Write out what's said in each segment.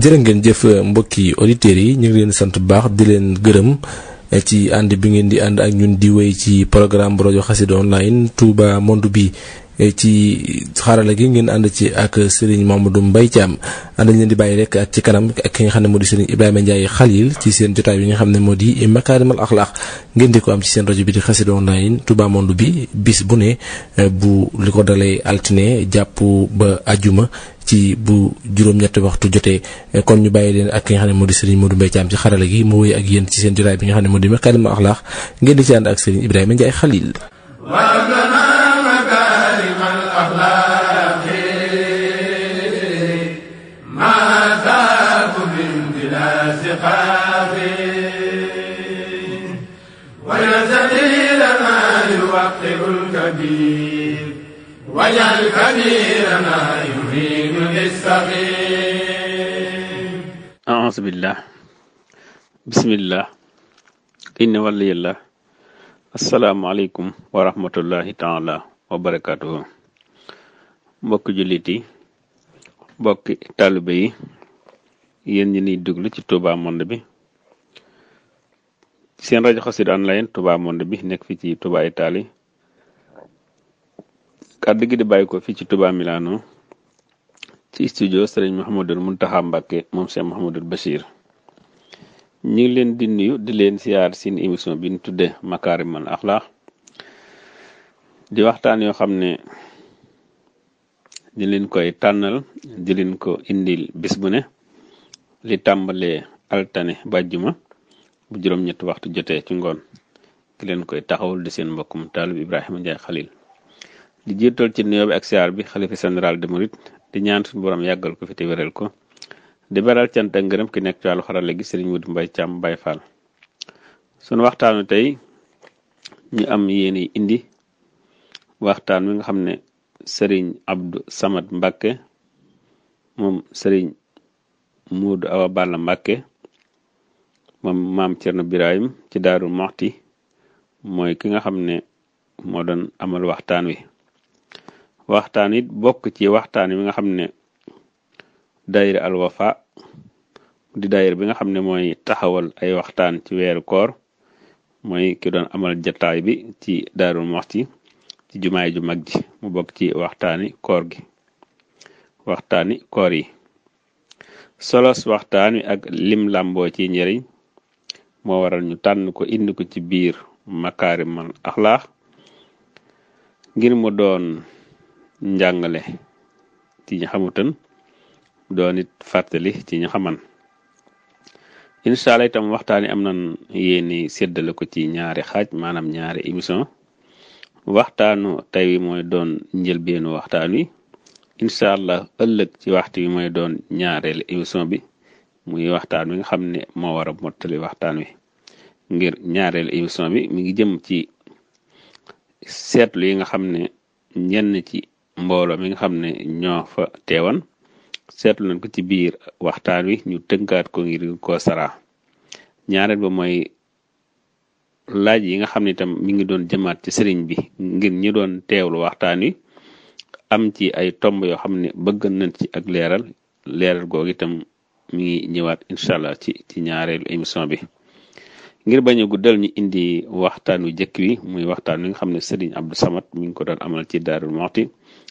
jërë ngeen jëf mbokki auditeurs yi ñu ngi leen sant bu baax di leen gërëm eh, ci ànd bi ngeen di ànd ak ñun di wéy ci programme bu rajo xasida online tuuba monde bi E, ci xarala gi ngeen ànd ci ak Serigne Mamadou Mbaye Thiam ànd leen di bàyyi rek ak ci kanam ak ki nga xam ne moo di Serigne Ibrahima Ndiaye Khalil ci seen jotaay bi nga xam ne moo di Makarimal Akhlaq ngeen di ko am ci seen rajo bi di Xassida Online Touba Monde bi bis bu ne e, bu li ko dalee altine jàpp ba ajuma ci bu juróom-ñetti waxtu jotee e, kon ñu bàyyi leen ak ki nga xam ne moo di Serigne Modou ci xarala gi mu ak yéen ci seen jotaay bi nga xam ne moo di Makarimal Akhlaq ngeen di ci ànd ak Serigne Ibrahima Ndiaye Khalil واجعل كثيرنا يريد للسقيم أعوذ بالله بسم الله إن ولي الله السلام عليكم ورحمة الله تعالى وبركاته mbokk jullit mbokki taalibe yi yéen ñi niy déglu ci Touba Monde bi seen rajo Xassida online Touba Monde bi nekk fi ci Touba Italie kàddu gi di bàyyi ko fii ci Touba Milano ci studio sëriñ Mouhamadul Mountakha Mbacké moom sëriñ Mouhamadul Bachir ñu ngi leen di nuyu di leen siyaar seen émission bi ñu tuddee man Akhlaq di waxtaan yoo xam ne di leen koy tànnal di leen ko indil bis bu ne li tàmbalee altane bàjjuma bu juróom-ñetti waxtu jotee ci ngoon ki leen koy taxawul di seen mbokkum taalib Ibrahima Ndiaye Khalil. di jiital ci new bi ak siyaar bi xalifa général de Mouride di ñaan suñu borom yàggal ko fi te wéral ko di beral cant ak ki nekk ci wàllu xarala gi sëriñ Modou Mbaye Thiam Baye Fall waxtaan waxtaanu tey ñu am yéeni indi waxtaan wi nga xam ne sëriñ Abdou Samad Mbacke moom sëriñ Modou Awa Balla Mbacke moom maam Thierno Birahim ci Daaru Moxti mooy ki nga xam ne moo doon amal waxtaan wi waxtaan it bokk ci waxtaan wi nga xam ne daayira Al Wafa di daayira bi nga xam ne mooy taxawal ay waxtaan ci weer koor mooy ki doon amal jataay bi ci Daarul Muxti ci jumaay ju mag ji mu bokk ci waxtaani koor gi waxtaani koor yi solos waxtaan wi ak lim làmboo ci njëriñ moo waral ñu tànn ko indi ko ci biir makaarimal axlaax ngir mu doon njàngale ci ñi xamutan doon it fàttali ci ñi xaman incha allah itam waxtaan wi am nan yéeni séddale ko ci ñaari xaaj maanaam ñaari émission waxtaanu tey wi mooy doon njëlbeenu waxtaan wi incha allah ëllëg ci waxtu wi mooy doon ñaareelu émission bi muy waxtaan wi nga xam ne moo war mottali waxtaan wi ngir ñaareelu émission bi mi ngi jëm ci seetlu yi nga xam ne ñenn ci mbooloo mi nga xam ne ñoo fa teewan seetlu nañ ko ci biir waxtaan wi ñu tënkaat ko ngir ko sara ñaareel ba mooy laaj yi nga xam ne itam mu ngi doon jëmaat ci sëriñ bi ngir ñi doon teewlu waxtaan wi am ci ay tomb yoo xam ne bëgg nañ ci ak leeral leeral googu itam mu ngi ñëwaat incha allah ci ci ñaareelu émission bi ngir bañ a guddal ñu indi waxtaan wi jëkk wi muy waxtaan wi nga xam ne sëriñ Abdou Samad mi ngi ko doon amal ci Daarul Muxti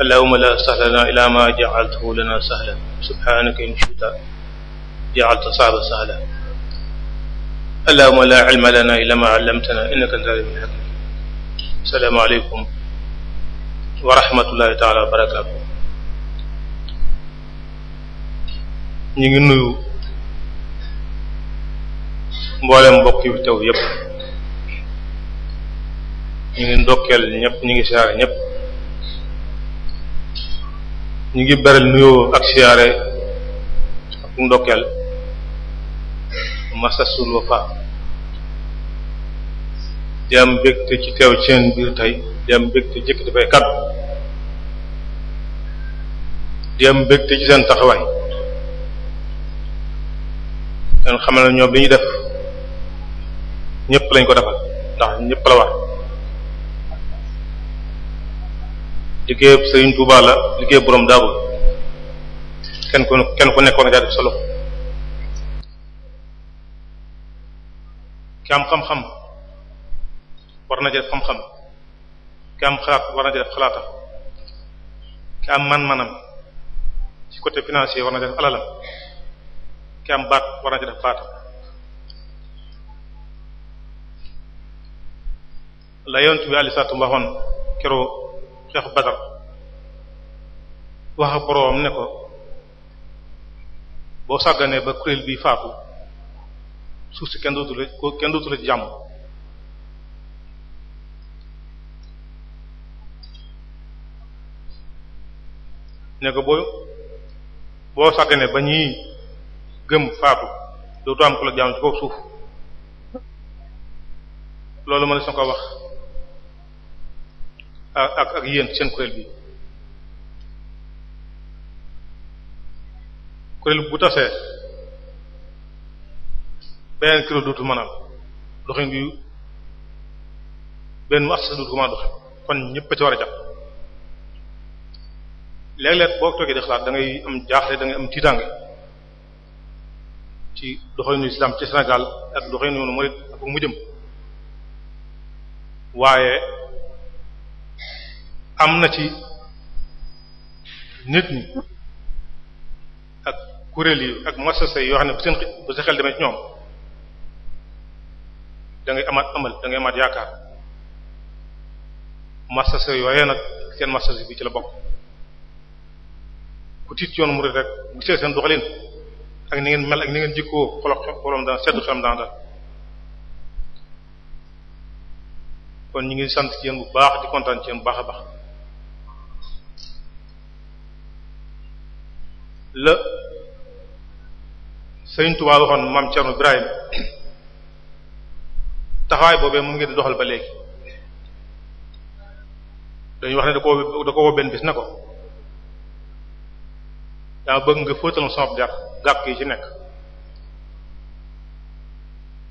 allahumma la sahla ila ma ja'altahu lana sahlan subhanaka in shi'ta ja'alta sa'ba sahla allahumma la ilma lana illa ma 'allamtana innaka antal 'alimul hakim assalaamu aleykum wa rahmatullahi taala wa barakaatu ñu ngi nuyu mboolem mbokk yu teew yépp ñu ngi ndokkeel ñépp ñu ngi siyaare ñépp ñu ngi beral nuyoo ak siyaare ak ndokkeel Masasul Wafa di am bégte ci teew ci seen biir tey di am bégte jëkk dafay kàddu di am bégte ci seen taxawaay dan xamal na ñoom li ñu def ñëpp lañ ko defal ndax ñëpp la war liggéey Serigne Touba la liggéeyub borom daabu kenn ku kenn ku nekk war na jaa def solo ki am xam-xam war na jaa xam-xam ki am xalaat war na jaa def côté financier war na jaa def alalam ki am baat war na jaa def baatam la yonent bi alei satu keroo Cheikh Badar wax ak boroom ne ko boo sàgganee ba kuréel bi faatu suuf si kenn dootu la kenn dootu la ci jàmm ne ko boo boo sàgganee ba ñuy gëm faatu dootu am ku la jàmm ci loolu ma ne soo ko wax ak ak ak seen kuréel bi kuréel bu tasee beneen kuréel dootul mën a doxin bi benn mu as dootul ko mën a kon ñëpp ci war a jàpp léeg-léeg boo toogee di xalaat da am jaaxle da am tiitaange ci doxalinu islam ci Sénégal ak doxalinu murid ak mu jëm waaye. am na ci nit ñi ak kuréel yi ak masasa yi yoo xam ne bu seen bu sa xel demee ci ñoom da ngay amaat amal da ngay amaat yaakaar masasa yooyee nag seen masasa bi ci la bokk ku tiit yoon mu rek bu gisee seen doxalin ak ni ngeen mel ak ni ngeen jikkoo xolo xolom daan seddu xelam daan dal kon ñu ngi sant ci yéen bu baax di kontaan ci yéen bu baax a baax la Sëriñ Tuubaa waxoon maam Cerno Ibrahim taxawaay boobee mu ngi di doxal ba léegi dañuy wax ne da ko da ko woo bis na ko dama bëgg nga fóotal sama gàpp gàpp yi ci nekk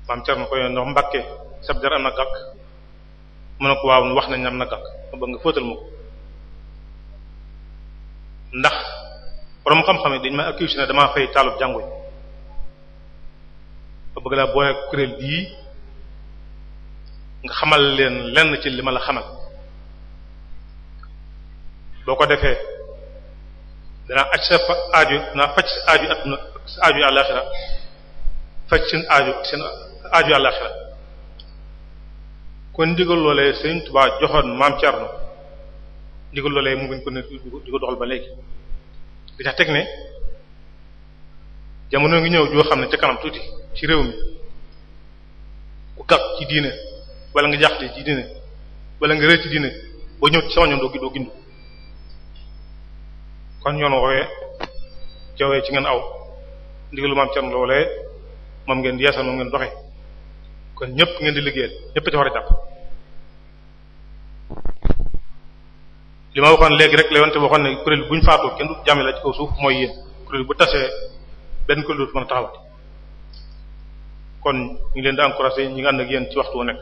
maam Cerno ko yoon ndax Mbàkke sab am na gàkk mu ne ko waaw wax nañ am na gàkk ma bëgg nga fóotal ma ko ndax borom xam-xam yi dañ ma accuse ne damaa fay taalub jàngu ba bëgg laa boole kuréel bii nga xamal leen lenn ci limala ma la xamal boo ko defee danaa aj sa aaju danaa faj sa aaju adduna sa aaju àllaaxira faj seen aaju seen aaju àllaaxira kon ndigal loolee Sëriñ Tuubaa joxoon maam Cerno ndigal loolee mu ngi ko ne doxal ba léegi di teg ne jamono ngi ñëw joo xam ne ca kanam tuuti ci réew mi ku gàtt ci diine wala nga jaaxle ci diine wala nga rëy ci diine ba ñëw ci sama ñoom doo doo gindu kon yoon woowee jawee ci ngeen aw ndigalu maam Cerno loolee moom ngeen di yeesal moom ngeen doxe kon ñëpp ngeen di liggéeyal ñëpp ci war jàpp li ma waxoon léegi rek la yonte waxoon ne kuréel bu ñu faatoo kenn du jàmme la ci kaw suuf mooy yéen kuréel bu tasee benn kuréel du mën a taxawati kon ñu ngi leen di encouragé ñi ngi ànd ak yéen ci waxtu wu nekk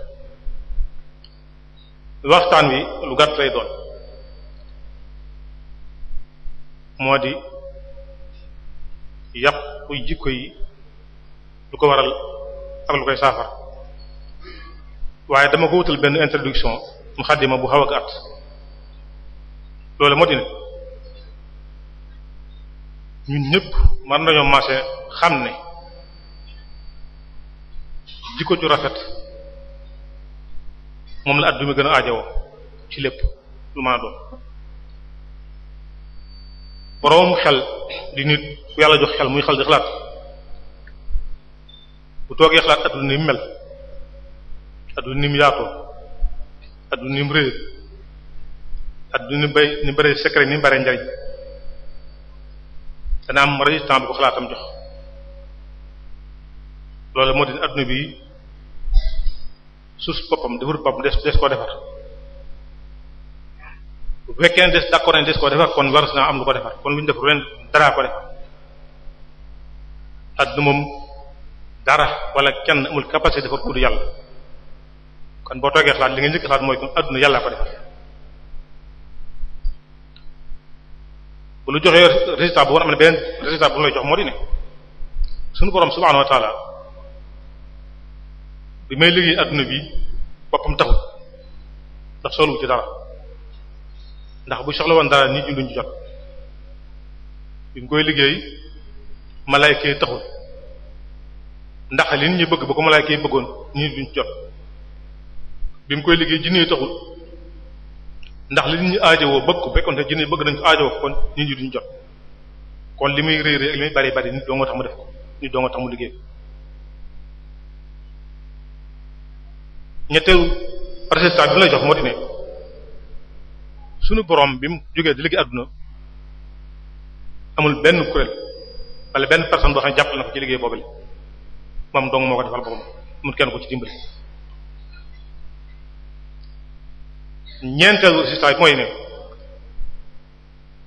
waxtaan wi lu gàtt lay doon moo di yàqu jikko yi lu ko waral ak lu koy saafara waaye dama ko wutal benn introduction mu xaddima bu xaw a gàtt loolu moo di ne ñun ñëpp mën nañoo marché xam ne jikko ju rafet moom la adduna gën a aajowoo ci lépp lu mën a doon boroom xel di nit ku yàlla jox xel muy xel di xalaat bu toogee xalaat adduna ni mu mel adduna ni mu yaatoo adduna ni réer adduna ni bëri ni bëri secret ni bëri njariñ dana am bu ko xalaatam jox loolu moo di adduna bi suuf boppam defur boppam des des koo defar bu fekkee ne des d'accord nañ des koo defar kon war naa am lu ko defar kon lu ñu def ren daraa ko defar adduna moom dara wala kenn amul capacité defar ko du yàlla kon boo toogee xalaat li nga njëkk xalaat mooy kon adduna yàllaa ko defar lu la joxee résultat bu war a am beneen résultat bu lay jox moo di ne suñu borom subhaanahu wa taala bi may liggéey adduna bi boppam taxut ndax soxlawu ci dara ndax bu soxla woon dara nit ñi duñ jot bi mu koy liggéey malaayka yi taxul ndax li ñi bëgg ba ko bëggoon ñi duñ ci koy liggéey jinne yi taxul ndax li nit ñi aajowoo bëgg ko fekkoon te junne bëgg nañ ajo aajowoo ko kon nit ñi duñ jot kon li muy rëy rëy li muy bari bari nit doo nga tax mu def ko nit tax mu liggéey ñetteelu résultat bi mu lay jox moo di ne borom bi mu jógee di liggéey àdduna amul benn kuréel wala benn personne boo xam ne jàppale na ko ci liggéey boobule moom dong moo ko defal boppam mun kenn ko ci dimbali. ñeenteelu résultat bi mooy ne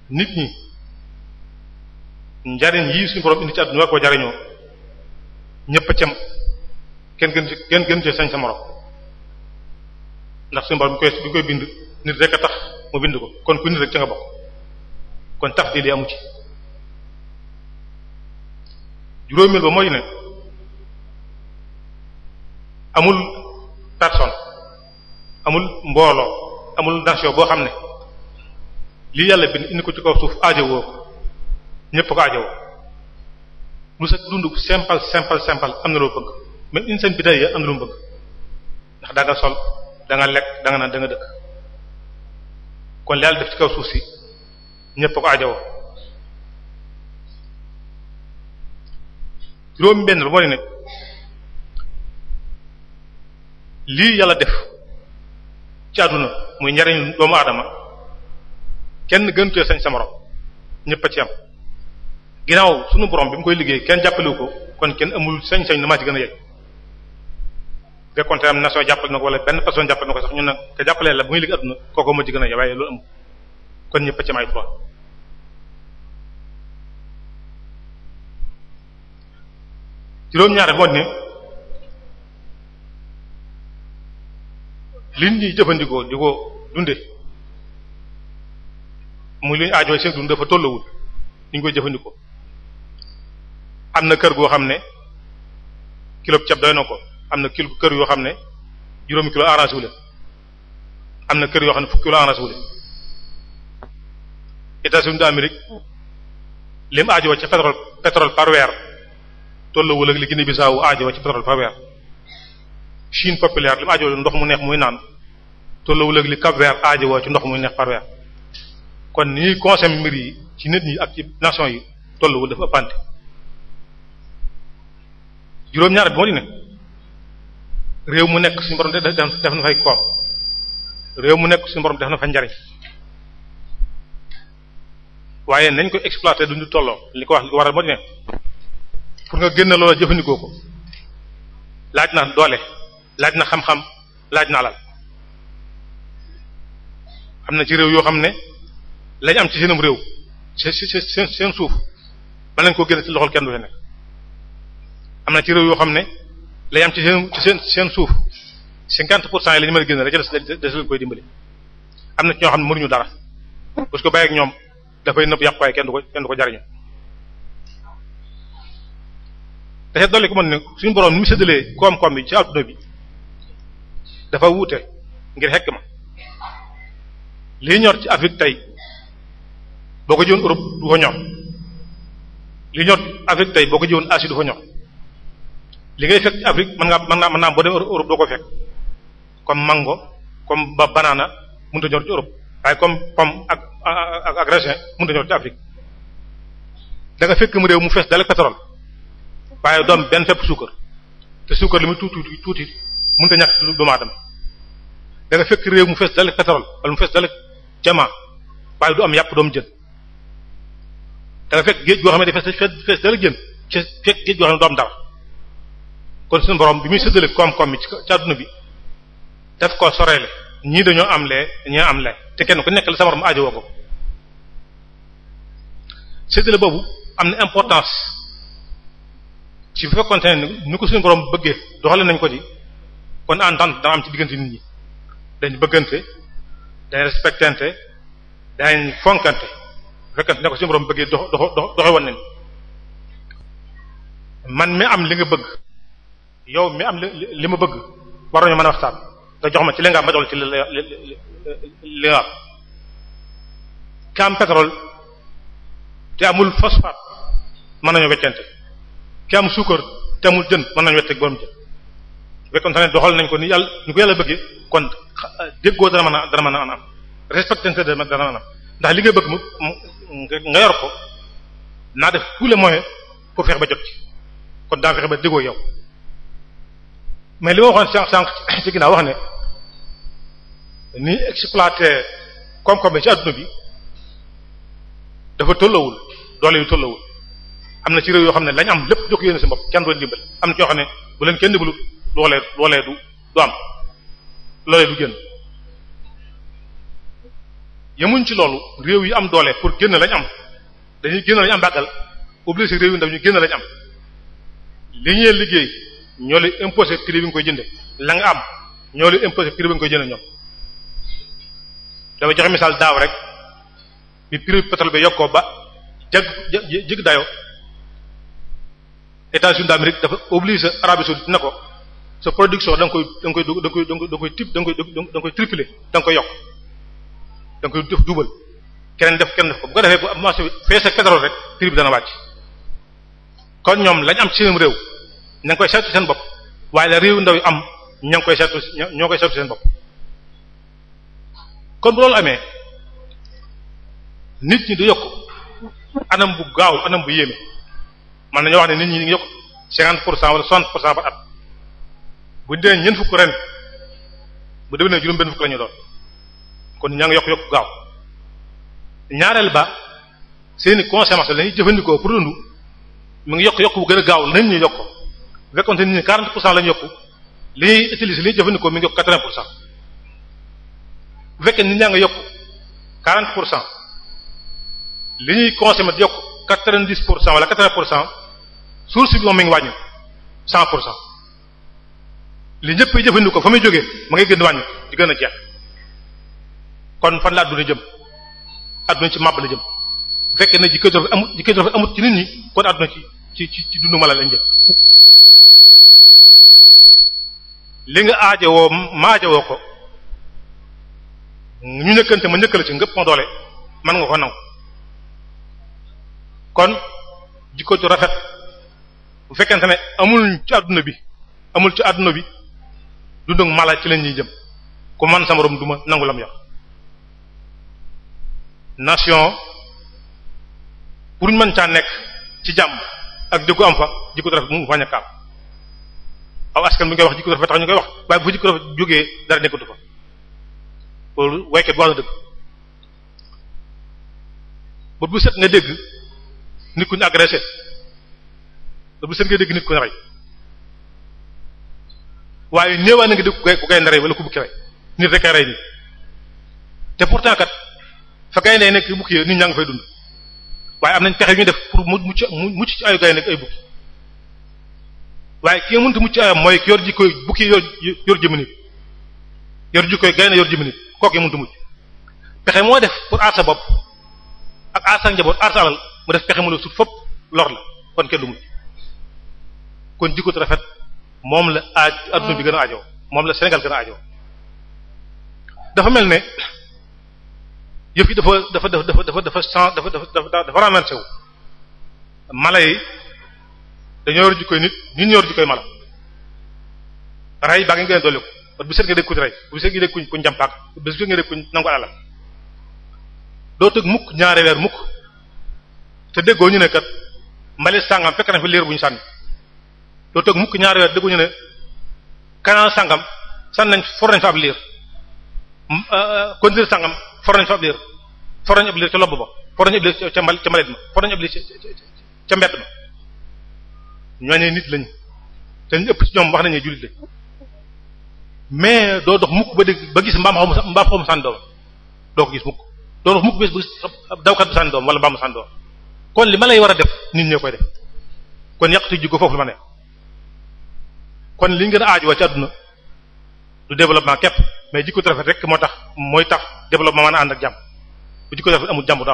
nit ñi njariñ yii suñu borom indi ci àdduna war jariñoo ñëpp a cem kenn gën ci kenn gën ci sa morom ndax suñu borom bi koy bind nit rek a tax mu bind ko kon ku nit rek ca nga bokk kon tax di li ci juróomeel ba mooy ne amul personne amul mbooloo amul nation boo xam ne lii yàlla bind indi ko ci kaw suuf aajowoo ko ñëpp ko aajowoo lu sa dund simple simple simple am na loo bëgg mais insaan bi day am na lu mu bëgg ndax da nga sol da lekk da nga naan da dëkk kon li yàlla def ci kaw suuf si ñëpp ko aajowoo juróom benn lu moo ne lii yàlla def ci àdduna muy njariñu doomu aadama kenn gëntee sañ sa morom ñëpp a ci am ginnaaw sunu borom bi mu koy liggéey kenn jàppalewu ko kon kenn amul sañ-sañ na maa ci gën a yegg fekkonte am nation na ko wala benn personne jàppale na ko sax ñun nag te jàppalee la bu muy liggéey àdduna kooku ma ci gën a yegg waaye loolu amul kon ñëpp a ci am ay droit juróom-ñaare moo ne li ñuy jëfandikoo di ko dunde muy li ñu aajoo dafa tollawul ni ñu jëfandikoo am na kër goo xam ne kilo ceeb doy na ko am na kilo kër yoo xam ne juróomi kilo arrangé wu am na kër yoo xam ne fukki kilo arrangé wu leen États-Unis d'Amérique lim aajoo ci pétrole pétrole par weer tollawul ak li Guinée Bissau aajoo ci pétrole par weer. Chine populaire li mu ndox mu neex muy naan tolluwul ak li Cap-Vert aajowoo ci ndox muy neex par weer kon ni ñuy consommer mbir yi ci nit ñi ak ci nation yi tolluwul dafa ëppante juróom-ñaar bi moo di ne réew mu nekk suñu borom def def na fay koom réew mu nekk suñu borom def na fa njariñ waaye nañ ko exploiter duñu tolloo li ko wax li ko waral moo di ne pour nga génn loola jëfandikoo ko laaj na doole. laaj na xam-xam laaj na alal am na ci réew yoo xam ne lañ am ci seenum réew seen suuf ba lañ koo génne ci loxol kenn du fi am na ci réew yoo xam ne lañ am ci seen seen suuf cinquante pour cent yi la ñu mën a génne la ca des des lañ koy dimbali am na ci ñoo xam ne mënuñu dara parce que bàyyi ak ñoom dafay nëb yàqu waaye kenn du ko kenn ko jariñu te dolli ko mën ne suñu borom mi mu séddalee koom bi ci adduna bi dafa wuute ngir xekk ma lii ñor ci Afrique tey boo ko jiwoon Europe du ko ñor lii ñor Afrique boo ko jiwoon Asie du fa li ngay fekk ci Afrique mën ngaa mën naa mën naa boo dem Europe doo ko fekk comme mango comme ba banana mënut a ñor ci Europe waaye comme pomme ak ak ak raisin mënut a ñor ci Afrique da fekk mu réew mu fees dal pétrole waaye doom benn fépp suukar te suukar li muy tuuti tuuti tuuti mënut a ñàkk ci doomu aadama fekk réew mu fees dalek pétrole wala mu fees dalek jamaa waaye du am yàpp doom jën da fekk géej goo xam ne dafa fees fees dalek jën ci fekk géej goo xam ne du dara kon suñu borom bi muy séddale koom-koom bi ci ci bi daf koo soreele ñii dañoo am lee ñoo am lee te kenn ku nekk la sa borom aajowoo ko séddale boobu am na importance ci bu fekkoon ne ni ko suñu borom bëggee doxale nañ ko ci. kon entente dana am ci diggante nit ñi dañ bëggante dañ respectante dañ fonkante fekkante ne ko suñu borom bëggee dox dox doxe woon nañ man mi am li nga bëgg yow mi am li ma bëgg war nañu mën a waxtaan nga jox ma ci li nga am ma jox la ci li li nga am ki am pétrole te amul phosphate mën nañu weccante ki am suukar te amul jën mën nañu wette borom jën bu fekkoon ne doxal nañ ko ni yàlla ni ko yàlla bëggee kon euh, déggoo dana mën a a am respecté sa dana mën a am ndax li nga bëgg mu nga yor ko naa def tous les moyens pour ba jot ci kon daa fexe ba déggoo yow mais li ma waxoon sànq sànq wax ne ni exploité koom-koom bi ci adduna bi dafa tollawul doole yu tollawul am na ci réew yoo xam ne lañ am lépp jox yéen sa bopp kenn doon dimbal am na kenn dimbalu loolee loolee du du am loolee du génn yemuñ ci loolu réew yi am doole pour génn lañ am dañuy génn lañ am bàggal obligé réew yi ndaw ñuy génn lañ am li ñuy liggéey ñoo li imposé prix bi nga koy jënde la am ñoo li imposé bi nga koy jënde ñoom dama joxe misaal daaw rek bi prix pétrole bi yokkoo ba jag jig dayo États-Unis d'Amérique dafa obligé Arabie saoudite na ko sa production danga koy da nga koy da nga koy da nga koy da nga koy da nga koy tripler da nga koy yokk da koy def duubal keneen def keneen def ko bu ko defee bu marché bi fees ak pétrole rek prix bi dana wàcc kon ñoom lañ am ci seen réew ña koy seetlu seen bopp waaye la réew ndaw am ña ngi koy seetlu ñoo koy seetlu seen bopp kon bu loolu amee nit ñi du yokk anam bu gaaw anam bu yéeme man nañoo wax ne nit ñi ngi yokk cinquante pour cent wala soixante pour cent par at bu ñu dee ñeent fukk ren bu demee ne juróom benn fukk la ñu doon kon ñaa ngi yokk yokk gaaw ñaareel ba seeni conséquences la ñuy jëfandikoo pour dund mu ngi yokk yokk bu gën a gaaw nañ ñu yokk ko bu fekkoon ni 40 pour cent la ñu li ñuy utiliser jëfandikoo mi ngi yokk 80 pour cent bu fekkee nit ñaa ngi yokk 40 pour cent li ñuy consommer di yokk 90 pour cent wala 80 pour cent source bi moom mi ngi wàññi 100 pour cent. li ñëpp ay jëfandikoo fa muy jógee ma ngay gën wàññi di gën a jeex kon fan la adduna jëm adduna ci màbb la jëm bu fekkee ne jikko ju rafet amut jikko ju rafet ci ci ci dundu mala lañ jëm li nga aajowoo maajowoo ko ñu ñëkkante ma ñëkkal ci ngëpp doole mën nga ko nangu kon jikko ju rafet bu fekkente ne amul ci adduna bi amul ci adduna bi dundug mala ci la ñuy jëm ku man sa morom duma nangu lam yor nation pour ñu mën caa nekk ci jàmm ak di ko am fa jikko rafet mu fañ a kaam aw askan bi ñu wax jikko rafet tax ñu koy wax waaye bu jikko rafet jógee dara nekkatu fa loolu waykat bi set nga dégg nit ku ñu agressé bët bu set nga dégg nit ku ñu rey waaye néewaa na nga di ku gaynde rey wala ku bukki rey nit rek a rey nit te pourtant kat fa gaynde nekk yu bukki yooyu nit ñaa fay dund waaye am nañ pexe yu ñu def pour mu mucc mucc ci ayu gaynde ak ay bukki waaye ki nga mënut mucc ayam mooy yor jikkoy bukki yor yor jëmm nit yor jikkoy gaynde yor jëmm nit kooku mënut mucc pexe moo def pour aar sa bopp ak aar sa njaboot aar sa alal mu def pexe mu la sut fop lor la kon kenn du mucc kon jikko rafet moom la aaj adduna bi gën a mm. ajoo moom la Sénégal gën a ajoo dafa mel ne yëf yi dafa dafa dafa dafa dafa chan dafa dafa dafa renversé wu mala yi dañoo yor jikkoy nit nit ñoo yor jikkoy mala rey baa ngi gën a dolli ko bu set nga dégg ku rey bu set nga dégg kuñ kuñ jàmpaak bu set nga dégg kuñ nangu alalam doo tëgg mukk ñaari weer mukk te déggoo ñu ne kat mbali sàngam fekk na fi liir bu ñu sànni loolu toog mukk ñaari weer ñu ne canal sangam san nañ for nañ fa ab liir euh, euh, conduire sangam for nañ fa ab liir for ca lobb ba for nañ ab liir ca mal ca malet ma for nañ nit lañu te ñu ëpp ci ñoom wax nañu ne jullit lañ mais doo dox mukk ba dégg ba gis mbaam xaw ma mbaam xaw ma sànni doom doo ko gis mukk doo dox mukk ba gis dawkat bu sànni doom wala mbaamu sànni doom kon li ma lay war a def nit ñee koy def kon yàq te jikko foofu la ma ne kon li ñu gën a aajowoo ci àdduna du développement képp mais jikko rafet rek moo tax mooy tax développement mën a ànd ak jàmm bu jikko rafet amul jàmm du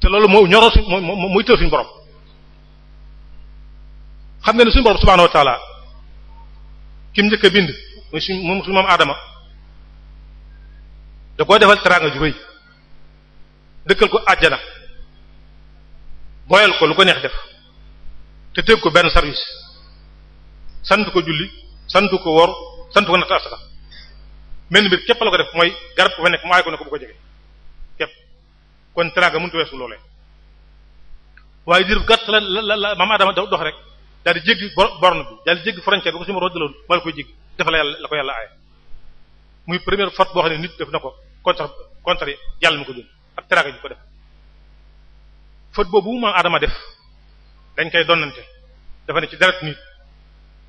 te loolu moo ñoroo suñ moo muy tël suñu borom xam kim njëkk bind muy moom moom aadama da koo defal teraanga ju rëy dëkkal ko àjjana boyal ko lu ko neex def te tëgg ko benn service sant ko julli sant ko wor sant ko natt asaka mel mbir képp la ko def mooy garab ko fa nekk mu aay ko ne ko bu ko jege képp kon teraanga mënut a weesu loolee waaye diir bu gàtt la la la maam Adama dox rek daal di jéggi borne bi daal di jéggi frontière bi ko si ma rëddaloon moo la koy jéggi dafa la yàlla la ko yàlla aaye muy première faute boo xam ne nit def na ko contre contre yàlla mi ko jël ak teraanga ji ko def faute boobu maam Adama koy donnante dafa ci deret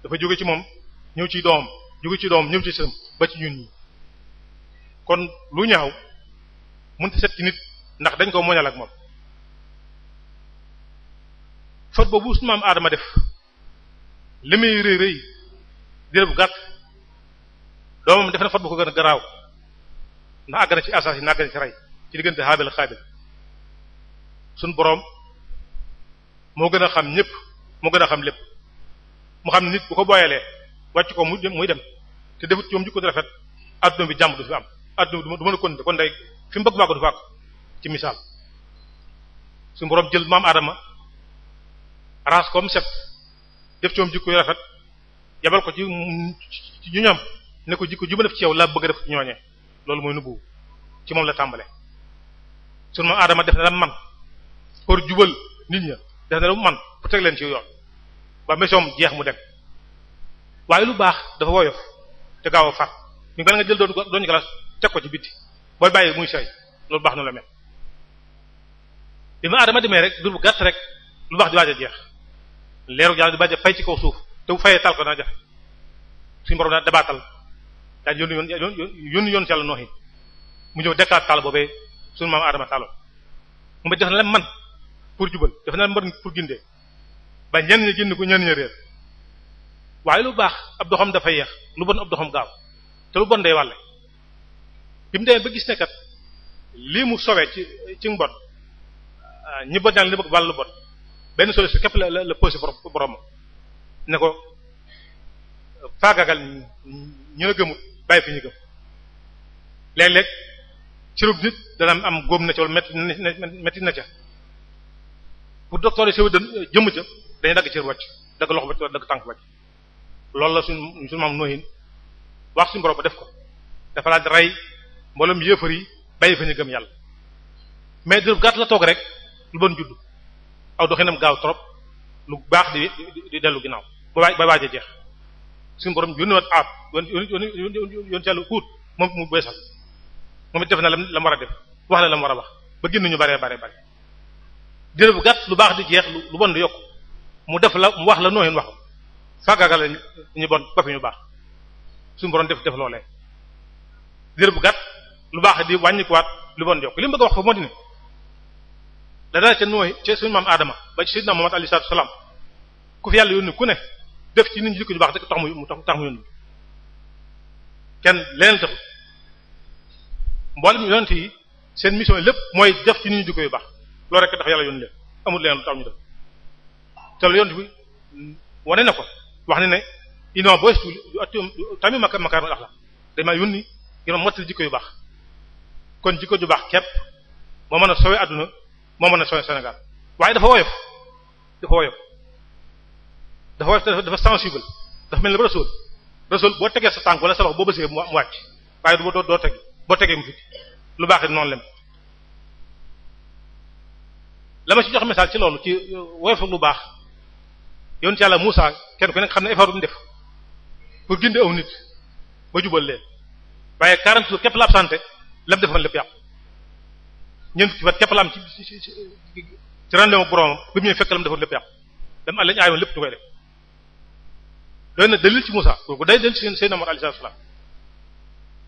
dafa jóge ci moom ñëw ci doom jóge ci doom ñëw ci sëm ba ci ñun ñi kon lu ñaaw mënta set ci nit ndax dañ ko moñal ak moom fat boobu su maam aadama def li muy rëy rëy diir bu gàtt doomam def na fat bu ko gën a garaaw ndax àgg na ci asaas yi na àgg na ci rey ci diggante xaabil xaabil suñ boroom moo gën a xam ñépp moo gën a xam lépp mu xam ne nit bu ko booyalee wàcc ko mu muy dem te defut ci moom jikko rafet adduna bi jàmm du fi am adduna bi du mën a fi mu bëgg bàgg du ci misaal su borom jël maam Adama raas ko set def ci moom jikko rafet yabal ko ci ci ñoom ne ko jikko ju ma laa bëgg a loolu mooy nubbu ci moom la tàmbale sunu maam Adama def na man pour jubal nit ña def na la man pour teg leen ci yoon. ba mesoom jeex mu dem waaye lu baax dafa woyof te gaaw a far mi bala nga jël doon doon galas teg ko ci bitti booy bàyyi muy sey loolu baax na la mel bi ma aadama demee rek dur bu gàtt rek lu baax di waaj a jeex leeru yàlla di fay ci kaw suuf te bu fayee tal ko dana jafe suñu borom daa dabaatal daal yónni yoon yónni yoon si yàlla nooxi mu ñëw dekkaat taal boobee suñu maam aadama taaloon mu ma def na la man pour jubal def na la man pour gindee ba ñenn ñi gindi ko ñenn ñi réer waaye lu baax ab doxam dafa yeex lu bon ab doxam gaaw te lu bon day wàlle bi mu demee ba gis ne lii mu sowee ci ci mbon ah, ñi bon ñaag li bëgg wàllu bon benn solution képp la la posé borom ne ko faagagal ñu la gëmut bàyyi fi ñu gëm léeg-léeg cirub nit dana am góom na ca wala metti na ca bu docteur yi siw dën jëmm ca dañuy dagg cër wàcc dagg loxo wàcc dagg tànk wàcc loolu la suñ suñu maam nooyin wax suñu borom ba def ko dafa laaj rey mboolem yéefar yi bàyyi fa ñu yàlla mais du gàtt la toog rek lu bon judd aw doxinam gaaw trop lu baax di di dellu ginnaaw ba ba waaj a jeex suñu borom yónni waat aab yoon yàlla uut moom mu beesal moom def na lam la mu a def wax la la mu a wax ba génn ñu bare bare bare dina bu gàtt lu baax di jeex lu bon di yokk mu def la mu wax la nooyeen waxu fàggaagal ñu bon ba fi ñu baax suñu borom def def loolee diir bu gàtt lu baax di wàññikuwaat lu bon yokk li mu bëgg a wax foofu moo di ne da daal ca nooy ca suñu maam Adama ba ci Seydina Muhammad alayhi salaatu salaam ku fi yàlla yónni ku ne def ci nit ñi jikko ju baax rek tax mu tax mu yónni kenn leneen taxul mboolem yonent yi seen mission lépp mooy def ci nit ñi jikko yu baax loolu rek tax yàlla yónni leen amul leneen lu tax ñu def. te loolu yonent wane na ko wax ne ne inno boo si du at tamit maka makaarimul axlaaq dama yónni ngir mottali jikko yu baax kon jikko ju baax képp moo mën a sowe àdduna moo mën a sowe Sénégal waaye dafa woyof dafa woyof dafa woyof dafa sensible dafa mel ni rasul rasul boo tegee sa tànk wala sa loxo boo bësee mu wàcc waaye doo doo teg boo tegee mu fi lu baax noonu lem la ma ci jox message ci loolu ci woyof lu baax yoon ci yàlla Moussa kenn ku nekk xam ne effort bu mu def pour gindi aw nit ba jubal leen waaye 40 jours képp la absenté lam defoon lépp yàqu ñeent fukki fan képp la am ci ci ci ci rendement boromam bi mu ñëw fekk lam defoon lépp yàqu lam àll lañu aayoon lépp du koy def doy na dalil ci Moussa kooku day dalil ci Seydina Muhammad alayhi salaam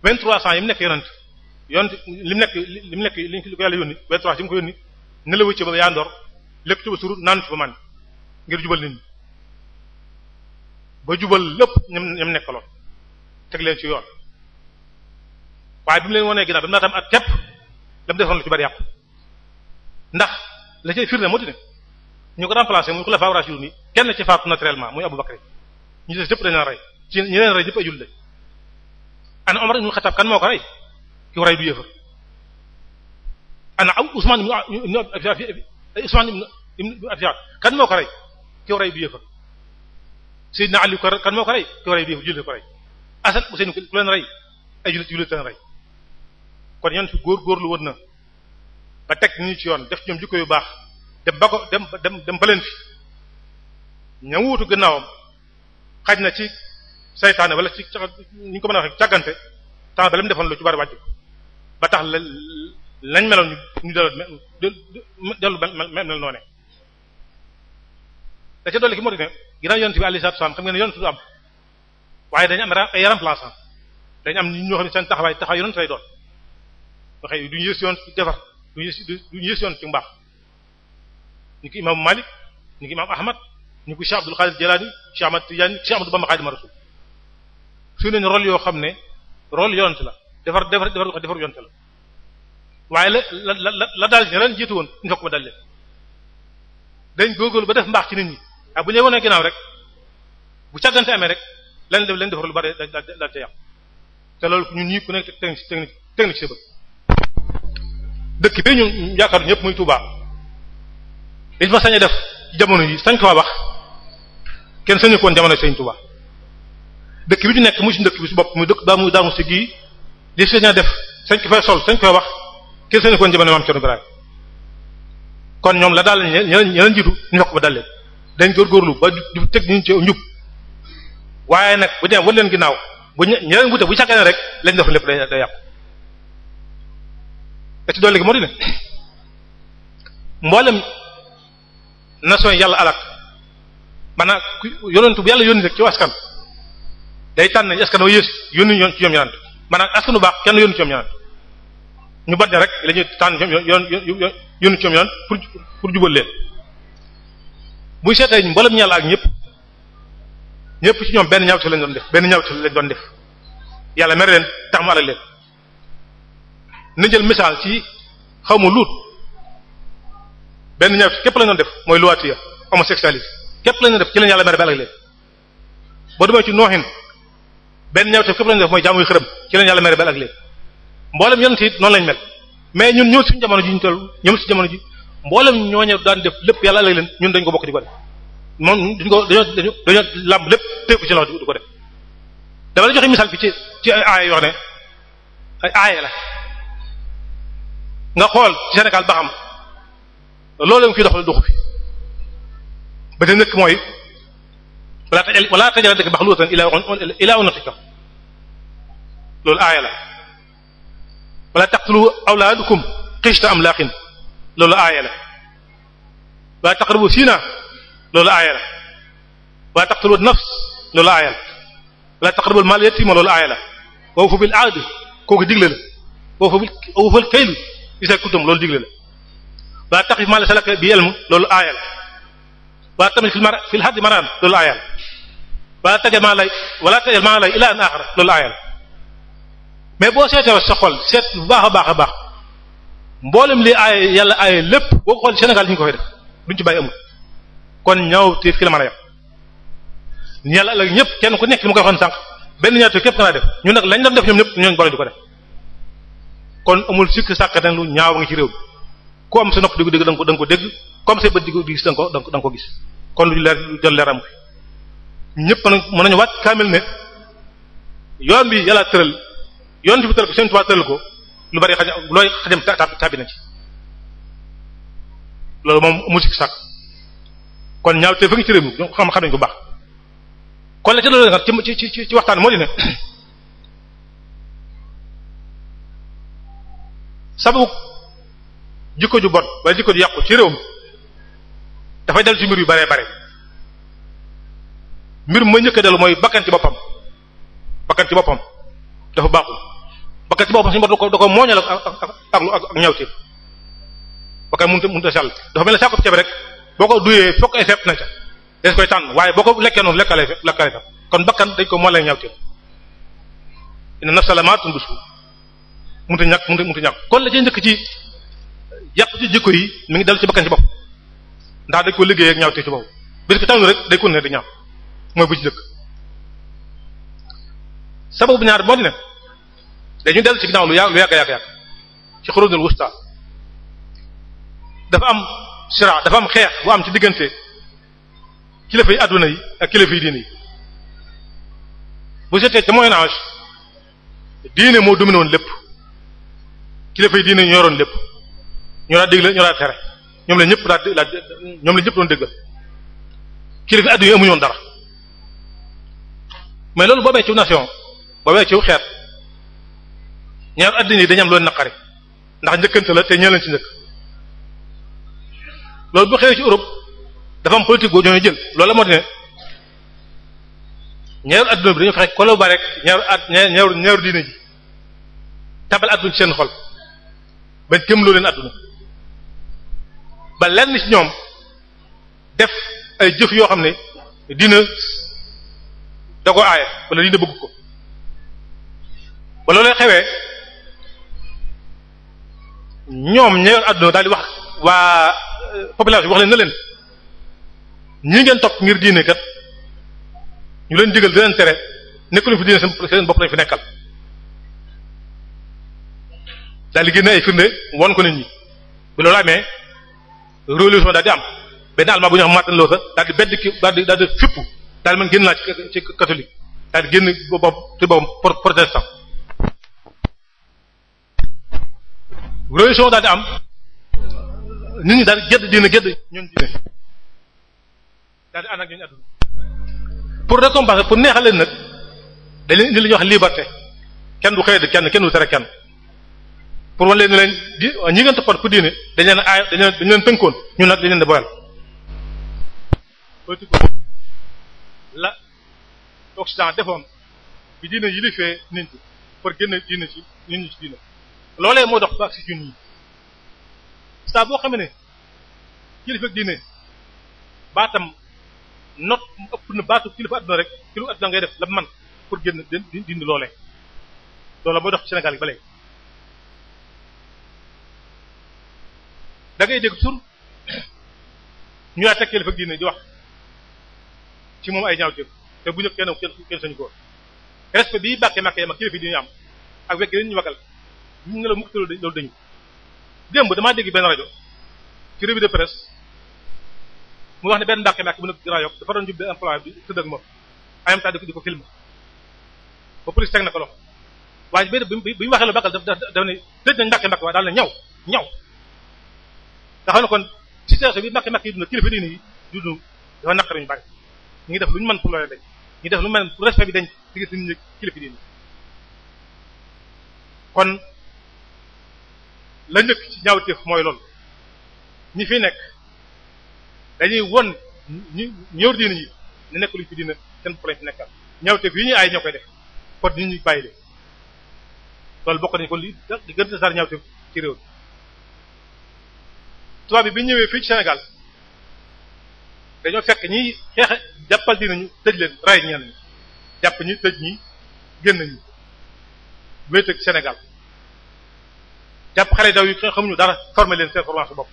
23 ans yi mu nekk yonent yonent li mu nekk li mu nekk li ko yàlla yónni 23 ci mu ko yónni ne la wëccee ba yaandoor lekk ci ba suru ngir jubal nit ba jubal lépp ñam ñam nekkaloon teg leen ci yoon waaye bi mu leen wanee ginnaaw bi mu naatam at képp la mu defoon lu ci bari ndax la cay firnde moo di ne ñu ko remplacé muy xulafa rashidun ni kenn ci faatu naturellement muy Abu Bakr ñu des jëpp dañ leen rey ci ñi leen jëpp ay jullit ana Omar ibn kan moo ko rey ki ko rey du yëfër ana aw Usman ibn Affan Usman ibn Affan kan moo ko rey ki ko rey du yëfër Seydina Ali ko kan moo ko rey ko rey bi jullit ko rey Asan Useynu ku góor-góorlu woon na ba teg ñu ci yoon def ñoom jikko yu baax dem ba dem dem dem ba fi ña wuutu gannaawam xaj na ci saytaane wala ci ñu ko mën a waxee càggante temps ba lam defoon lu ci bari wàccu ba tax la lañ meloon ñu dellu dellu mel noone da ca dolli ki moo di ginnaaw yonent bi alayhi salaatu wasallam xam ngeen ne yonent am waaye dañ am ay remplaçant dañu am ñoo xam ne seen taxawaay taxaw yonent lay doon waxee duñu yës yoon ci defar duñu yës ci mbaax ñu ko imaamu Malik ñu ko imaamu Ahmad ñu ko Cheikh Abdul Xaadir Jilaani Cheikh Ahmad Tijaani Cheikh Ahmadu Bamba su nañ rôle yoo xam ne rôle yonent la defar defar defar defar yonent la waaye la la la la daal ne leen jiitu woon ñu fekk ma dal leen dañ góorgóorlu ba def mbaax ci nit ñi ah bu ñu leen ginaaw rek bu càggante amee rek lan la lan defar lu bari daal daal te yàq te loolu ñun ñii ku nekk technique technique technique sa bët dëkk bi ñun yaakaar ñëpp muy Touba li ma sañ a def jamono yi sañ ko wax kenn sañu ko woon jamono Sëriñ Touba dëkk bi ñu nekk muy suñu dëkk bi su bopp muy dëkk daa muy daa mu si gii li sañ a def sañ ko fay sol sañ koy wax kenn sañu ko woon jamono maam Thierno Birahim kon ñoom la daal ña ña la njiitu ñu wax ko ba dal leen dañ góorgóorlu ba du teg ñu ci njub waaye nag bu dee wan leen ginnaaw bu ñu ña leen wute bu sàggane rek lañ def lépp day day yàqu. te ci dolli moo di ne mboolem nation yàlla alak maanaam ku yonentu bu yàlla yónni rek ci askan day tànn askan wa yées yónni ñoom ci ñoom ñaanante maanaam askan bu baax kenn yónni ci ñoom ñaanante ñu bat rek la ñuy tànn ñoom yoon yoon yónni ci ñoom ñaan pour pour jubal leen. buñ seetee mboolem ñàlla ak ñëpp ñëpp ci ñoom benn ñaawte lañ doon def benn ñaawte lañ doon def yàlla mer leen tax mu alal leen na jël misaal ci xaw ma luut benn ñaawte képp lañ doon def mooy luwaatu ya homosexualité képp lañ doon def ci leen yàlla mer ba alal leen boo demee ci nooxin benn ñaawte képp lañ def mooy jaamu yu xërëm ci leen yàlla mere ba alal leen mboolem yonent it noonu lañ mel mais ñun ñëw suñu jamono ji ñu toll ñëw suñu jamono ji mboolem ñooñu daan def lépp yàlla lay leen ñun dañ ko bokk di ko def lépp teg ko ci joxe misaal bi ci ci ay aaya yoo xam la nga xool ci Sénégal ba xam loolu nga fiy doxal dox fi ba te nekk mooy wala tajal wala tajal dëkk maxluutan ilaa ilaa unatika loolu aaya la wala taqtulu awlaadukum xishta amlaaqin loolu aaya la waa taqrabu zina loolu aaya la waa taqtulu nafs loolu aaya la wala taqrabu maal loolu aaya la wa bil ahdi kooku digle la wa awfu bil kayli isa kuntum loolu digle la waa taqif ma la salaka bi ilm loolu aaya waa tamit fil mar fil haddi maran loolu aaya la wala tajal maa lay wala tajal boo seetee sa xol seet bu baax a baax a baax. mboolem li aaye yàlla aaye lépp boo ko xool Sénégal ñu ko fay def duñ ci bàyyi amul kon ñaaw téef ki la mën a yem yàlla la ñëpp kenn ku nekk li ma koy waxoon sànq benn ñaar képp nga naa def ñu nag lañ doon def ñoom ñëpp ñooñu boole du ko kon amul sikk sàkk lu ñaaw nga ci réew mi ku ko dégg da ko da ko dégg comme di ko gis da nga ko da ko gis kon lu leer lu leer am ñëpp mën nañu wàcc kaamil ne yoon bi yàlla tëral yoon bi tëral ko Sëriñ Tuubaa tëral ko lu bari xaj looy xajam tàbbi na ci loolu moom musique sàkk kon ñaaw te fa ngi ci réew mi xam xam nañ ko baax kon la ca loolu nag ci ci ci waxtaan moo di ne sabu jikko ju bon wala jikko ju yàqu ci réew mi dafay dellu ci mbir yu bare bare mbir mooy njëkk a mooy bakkan ci boppam bakkan ci boppam dafa baaxul bakkan ci boppam suñu borom da ko mooñal ak ak ak ak ñawteef bakkan mënut a mënut a sell dafa mel ceeb rek boo ko duyee fokk ay fepp na ca des koy tànn waaye boo ko lekkee noonu lekkalee fepp lekkalee fepp kon bakkan dañ ko mooñal ak ñawteef inna nafsa lamaatun bisu mënut a ñàkk mënut a ñàkk kon la ci njëkk ci yàq ci jikko yi mu ngi dellu ci bakkan ci bopp ndax dañ ko liggéey ak ñawteef ci bopp bis ki rek day ko ne di ñaaw mooy bu ci njëkk sababu ñaar moo di ne dañu dellu ci ginnaaw lu yàgg lu yàgg yàgg yàgg ci xurunul wusta dafa am sira dafa am xeex boo am ci diggante kilifa yi adduna yi ak kilifa yi diine yi bu jotee ca moyen âge diine moo dominé woon lépp kilifa yi diine ñoo yoroon lépp ñoo daa digle ñoo daa tere ñoom la ñëpp daa la ñoom la ñëpp doon déggal kilifa yi adduna yi amuñu woon dara mais loolu boo bee ci nation boo bee ci xeet ñi am yi dañu am loolu naqari ndax njëkkante la te ñëw leen ci njëkk loolu bu xewee ci Europe dafa am politique boobu ñoo jël loolu moo ne ñeeru adduna bi dañu fexe collaborer rek ñeeru at ñeeru adduna ci seen xol ba gëmloo leen adduna ci ñoom def ay jëf yoo xam ne dina da ko aaya wala dina bëgg ko ba loolee xewee ñoom ña yor àdduna daal di wax waa euh, population wax leen na leen ñii ngeen topp ngir diine kat ñu leen digal di leen tere nekkuñu fi diine seen bopp lañ fi nekkal daal di génne ay firnde won ko nit ñi bi loolu amee religion daal di am benn almaa bu ñu xam Martin Luther daal di bedd ki daal di daal di man génn naa ci catholique daal di génn boppam ci protestant révolution daal di am nit ñi daal di gëdd diine gëdd ñun diine daal di ànd ak ñooñu àdduna pour récompenser pour neexal leen nag dañ leen indi li ñuy wax liberté kenn du xëy di kenn kenn du tere kenn pour wan leen ne leen di ñi ngeen toppoon diine dañ leen dañ dañ leen tënkoon ñun nag dañ leen di boyal politique la Occident defoon bi diine yilifee nit ñi pour génne diine ci nit ñi ci diine loole moo dox ba ak si ci nii saa boo xamee ne kilifa diine baatam not ëpp na baatu kilifa adduna rek kilifa adduna ngay def la man pour génn dindi loolee loola mooy dox ci Sénégal yi ba léegi da ngay dégg tur ñu laa teg diine di ci moom ay ñaaw jëf te bu ñëkk kenn kenn kenn sañu ko respect bii bàkkee màkkee ma kilifa diine am ak wekk leen ñu wagal mu ne la mukk loolu dañu démb damaa dégg benn rajo ci revue de presse mu wax ne benn mbàkke mbàkke bu nekk Grand Yoff dafa doon jublu emploi bi tëdd ak moom en même temps di ko bi bi bi ñu waxee lu bakkal ne tëj nañ mbàkke mbàkke waaye daal na ñaw ñaw nga xam ne kon situation bi mbàkke mbàkke yi dund kilifa diine yi dund dafa naqari ñu bari ñu ngi def lu ñu mën pour loolee ñu def lu mën pour respect bi dañ kon la njëkk ci mooy lool ñi fi nekk dañuy won ñu ñëw diine yi ne nekk luñ fi diine seen problème fi nekkal ñaawteef yi ñuy ay ñoo koy def kon nit ñi bàyyi leen loolu bokk nañu ko li di gën a tasaare ñaawteef ci réew mi tubaab bi bi ñëwee fii senegal dañoo fekk ñiy xeexe jàppal diine ñu tëj leen ray ñenn ñi jàpp ñu tëj ñi génn ñu wéet ak Sénégal jàpp xale daw yi xamuñu dara former leen seen formation bopp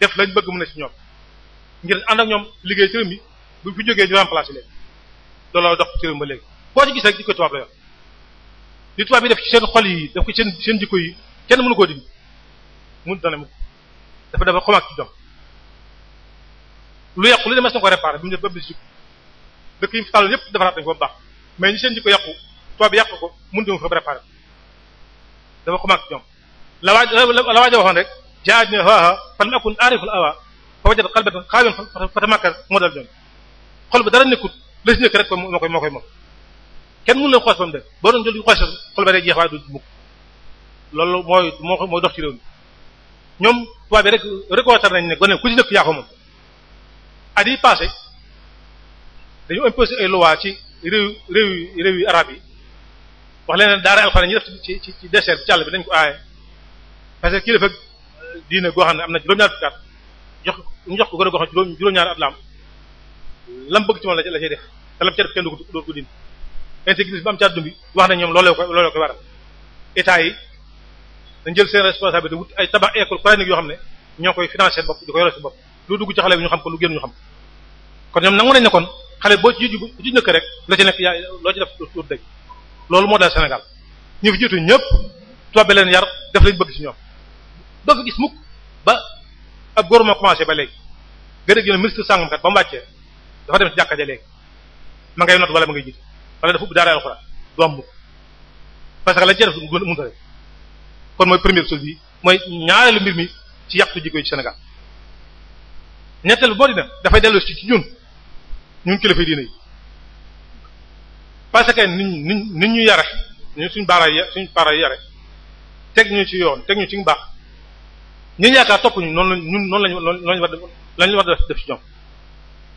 def lañ bëgg mu na ci ñoom ngir ànd ak ñoom liggéey ci réew mi bu fi jógee ñu remplacer leen looloo dox ci ba léegi koo ci gis rek jikko tubaab li tubaab yi def seen xol yi def ko seen seen yi kenn mënu koo dindi mun dana mu dafa dafa xomaak ci doom lu yàqu lu demes na ko réparé bi mu def ba bis jikko yi mu fi tàlloon yëpp defaraat nañ ko ba baax mais ñi seen jikko yàqu tubaab bi yàq ko mun dima fa réparé dama ko màgg ñoom la waaj la waaj a waxoon rek jaaj ne waaw fan akun aariful awa fa wajat qalbatan xaawiyan fa tamakkar moo dal ñoom xol ba dara nekkut la si nekk rek moo koy moo koy moom kenn mun na xoos ba mu def boo doon jël xoos xol ba jeex waaye du mukk loolu mooy moo mooy dox ci réew mi ñoom tubaab bi rek récolter nañ ne gone ku ci nekk yaa ko moom at yi passé dañu imposé ay loi ci réew réew yi arab yi wax leen daara alxuraan ñu def ci ci ci désert bi càll bi dañ ko aaye parce que kilifa diine goo xam ne am na juróom-ñaar fukki at jox ñu jox ko gën juróom juróom-ñaari lam bëgg ci moom la la cay def te lam ca def kenn du ko dóor ko diin insécurité bi bi wax na ñoom loolu ko loolu ko waral état yi dañ jël seen responsabilité wut ay tabax école coranique yoo xam ne ñoo koy financé bopp di ko lu dugg ci xale bi xam ko lu génn ñu xam kon ñoom nangu nañ ne kon xale boo ci juj rek la ci nekk yaa loo ci def lu dëgg loolu moo dal Sénégal ñu fi jiitu ñëpp toobe leen yar def lañ bëgg ci ñoom doo fi gis mukk ba ab góor moo commencé ba léegi nga dégg ne ministre sàngam kat ba mu wàccee dafa dem jàkka ja léegi ma ngay not wala ma ngay jiite wala dafa ubbi daara alxuraan du mukk parce que lañ cee def mënta rek kon mooy première chose bi mooy ñaareelu mbir mi ci yàqtu jikko yi ci Sénégal ñetteel bi moo di dafay delloo ci ci ñun ñun kilifa diine yi parce que ni ni niñ ñu yare ñu suñ baara suñ baara yare teg ñu ci yoon teg ñu ci baax ñu yaakaar topp ñu noonu ñun noonu lañu lañu war lañu war def ci ñoom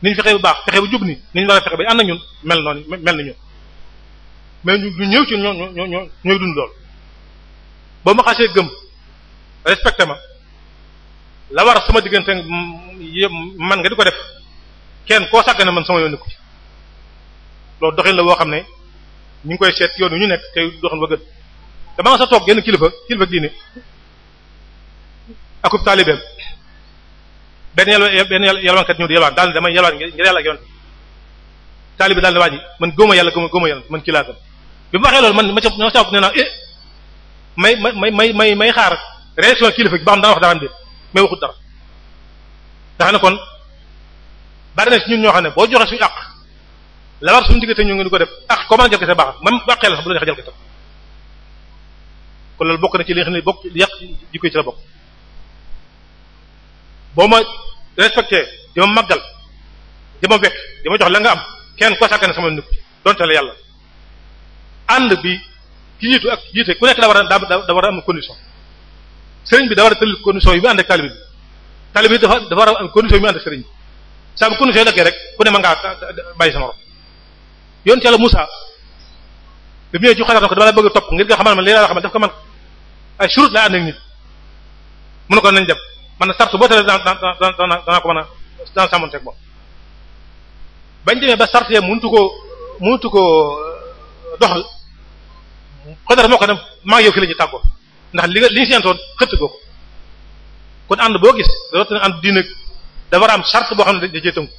niñ fexe bu baax fexe bu jub ni niñ war a fexe ba ànd ak ñun mel noonu mel ni ñun mais ñu ñëw ci ñoo ñoo ñoo ñooy dund lool ba ma xasee gëm respecté ma la war sama diggante man nga di ko def kenn koo sàgg na man sama yoonu ko loolu doxin la woo xam ne ñu ngi koy seet yoon wi ñu nekk tey doxin wa gën dama nga sa toog genn kilifa kilifa diine akub taalibeem benn yàlla benn yàlwaankat ñëw di yàlwaan daal ne damay yàlwaan ngir yàlla ak yonent taalibe daal ne waa ji man góoma yàlla góoma góoma yonent man kii laa gëm bi mu waxee loolu man ma ca ma ca nee naa eh may may may may may xaar réaction kilifa gi ba xam dana wax dara may waxut dara dafa ne kon bari na si ñun ñoo xam ne boo joxe suñu àq la war suñu diggante ñu ngi ko def ak comment jël kese baax même bu àqee la bokk na ci li nga bokk yàq jikko ci la ma respecté di màggal di ma ma jox la am kenn ko sàkk sama nit donte la yàlla ànd bi ki jiitu ak jiite ku nekk da war a da war am condition sëriñ bi da war a tëll condition yi mu ànd ak taalibe bi a am condition yi mu ànd ak sëriñ bi saa daggee rek ku ne ma ngaa bàyyi sama morom yoon yàlla Moussa bi mu ñëwee ci xalaat na ko dama la bëgg top ngir nga xamal man lii laa xamal daf ko man ay surut laa ànd ak nit mu ne ko nañ dem man sart boo tëddee daan daan daan daan ko mën a daan sàmmanteeg moom. bañ demee ba sart yee mëntu koo mëntu koo euh, doxal xëy moo ko maa ngi yow fi la ndax li nga li ñu ko kon ànd boo gis dootuñu ànd diine da war a am sart boo xam ne dañuy tënku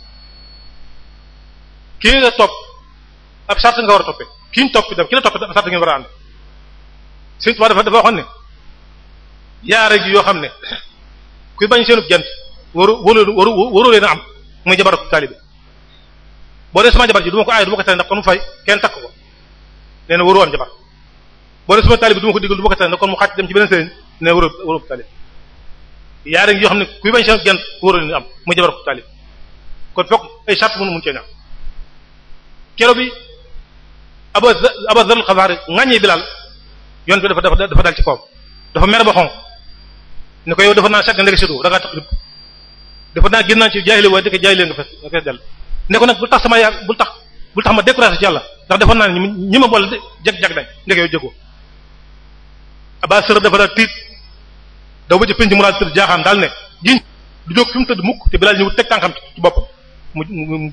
kii nga topp. ab sart nga war a toppe ki ñu topp ki la topp ab sart ngeen war a ànd Sëriñ Tuubaa dafa dafa waxoon ne yaara gi yoo xam ne kuy bañ seenub jant waru waru waru leen a am muy jabar ak taalibe boo dee sama jabar ji du ma ko aay du ma ko tere ndax kon mu fay kenn takk ko nee na waru am ko mu xàcc dem ci beneen sëriñ nee na waru waru yoo xam ne kuy bañ seenub jant waru leen am muy jabar ak taalibe kon fokk ay sart mënu mun cee ñàkk kero aba aba zarul xasaari ŋàññi Bilaal yoon bi dafa dafa dafa dal ci kawam dafa mer ba xonq ni ko yow dafa naa sàgg ndek surtout da ngaa tax lépp dafa naa gén naa ci jaahili waaye dëkk jaahili nga fees nga fees dell ne ko nag bul tax sama yaa tax bul tax ma découragé ci yàlla ndax dafa naa ñi ma boole jag-jag nañ ndek yow jëgoo aba sër dafa daal tiit daw ba ci penc tëdd jaaxaan daal ne jiñ du jóg fi mu tëdd mukk te Bilaal ñëw teg tànkam ci boppam mu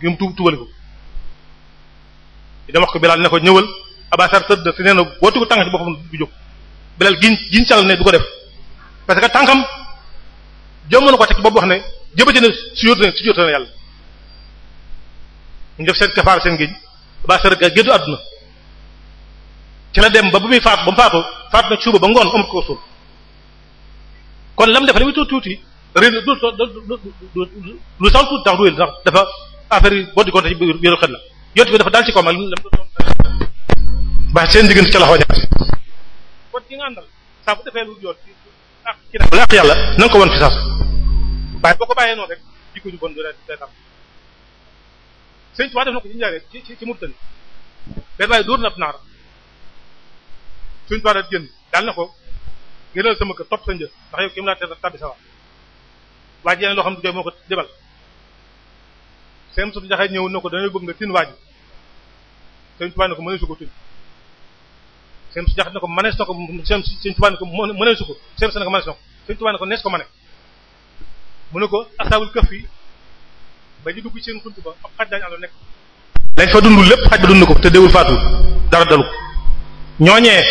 mu tuub tuubali di dem wax ko Bilal ne ko ñëwal Abasar tëdd te nee na bootu ko tànk ci boppam du jóg Bilal giñ giñ sal du ko def parce que tànkam jomb na ko teg boobu wax ne jëbëte na su na su yóotu na yàlla seen kafaar seen géej Abasar ga géddu àdduna ci dem ba bu muy faatu ba mu faatu faatu na suuba ba ngoon amut ko suul kon lam def li muy tuuti tuuti réer du du du du du du du du du du du du du du du du du yott bi dafa dal ci koom ak lu la ba seen diggante ca loxo jaar kon ki nga àndal saa bu defee lu yoon ci ah, yàlla na ko won fi saas waaye boo ko bàyyee noonu rek jikko ju bon du day tam na ko ci njaaree ci murtani benn waaye dóor na ab naar sëñ Tuubaa daal génn daal na ko gënal sama kër topp sa ndax yow ki mu laa te tabbi sa wax waa loo xam ne moo ko debal seen sutu jaxee ñëw na ko dañoo bëgg nga tin waaju seen tubaab ne ko mëneesu ko tin seen su ko mënees na ko seen tubaab ne ko mëneesu ko seen su ne ko mënees na ko seen tubaab ne ko nees ko mu ne ko asaawul këf yi ba ñu dugg seen xunt ba ab xaj daañu nekk lañ fa dund lépp xaj ba dund ko te déwul faatu dara dalu ñooñee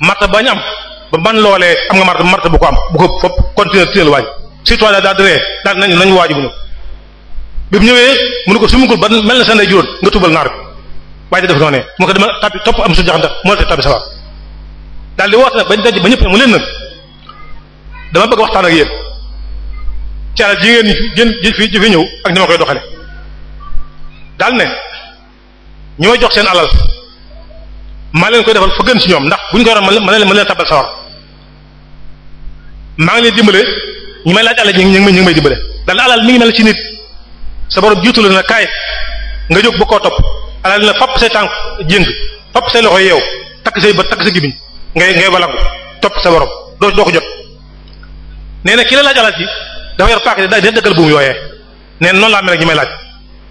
marta bañu am ba man loolee am nga marta marta bu ko am bu ko fopp continuer tinel waaj surtout daal daal daal nañ nañu waaju bu ñu bi ñëwee mu ne ko sumugul ba mel na sa ndey juróon nga tubal naar bi waaye dafa noonee mu ko dama topp am su jaxanta moo tax tàbbi sawar daal di woote nag bañ daj ba ñëpp mu leen nag bëgg waxtaan ak yéen ci alal ji ngeen ñëw ak ni ma koy doxale daal ne jox seen alal maa leen koy defal fa gën ci ñoom ndax bu ñu ko yoroon ma leen ma leen tabal sawar maa ngi leen dimbale ñi may laaj alal ñi ngi may ñi ngi may alal mi ngi mel ci nit sa borom jiitu la na kaay nga jóg bu koo topp alal dina fapp say tànk jéng fapp say loxo yeew takk say bët takk sa gibiñ ngay ngay walangu topp sa borom doo doo ko jot. nee na ki la laaj alal ji dafa yor paak da dee dëggal buum yooyee nee na noonu laa mel ñi may laaj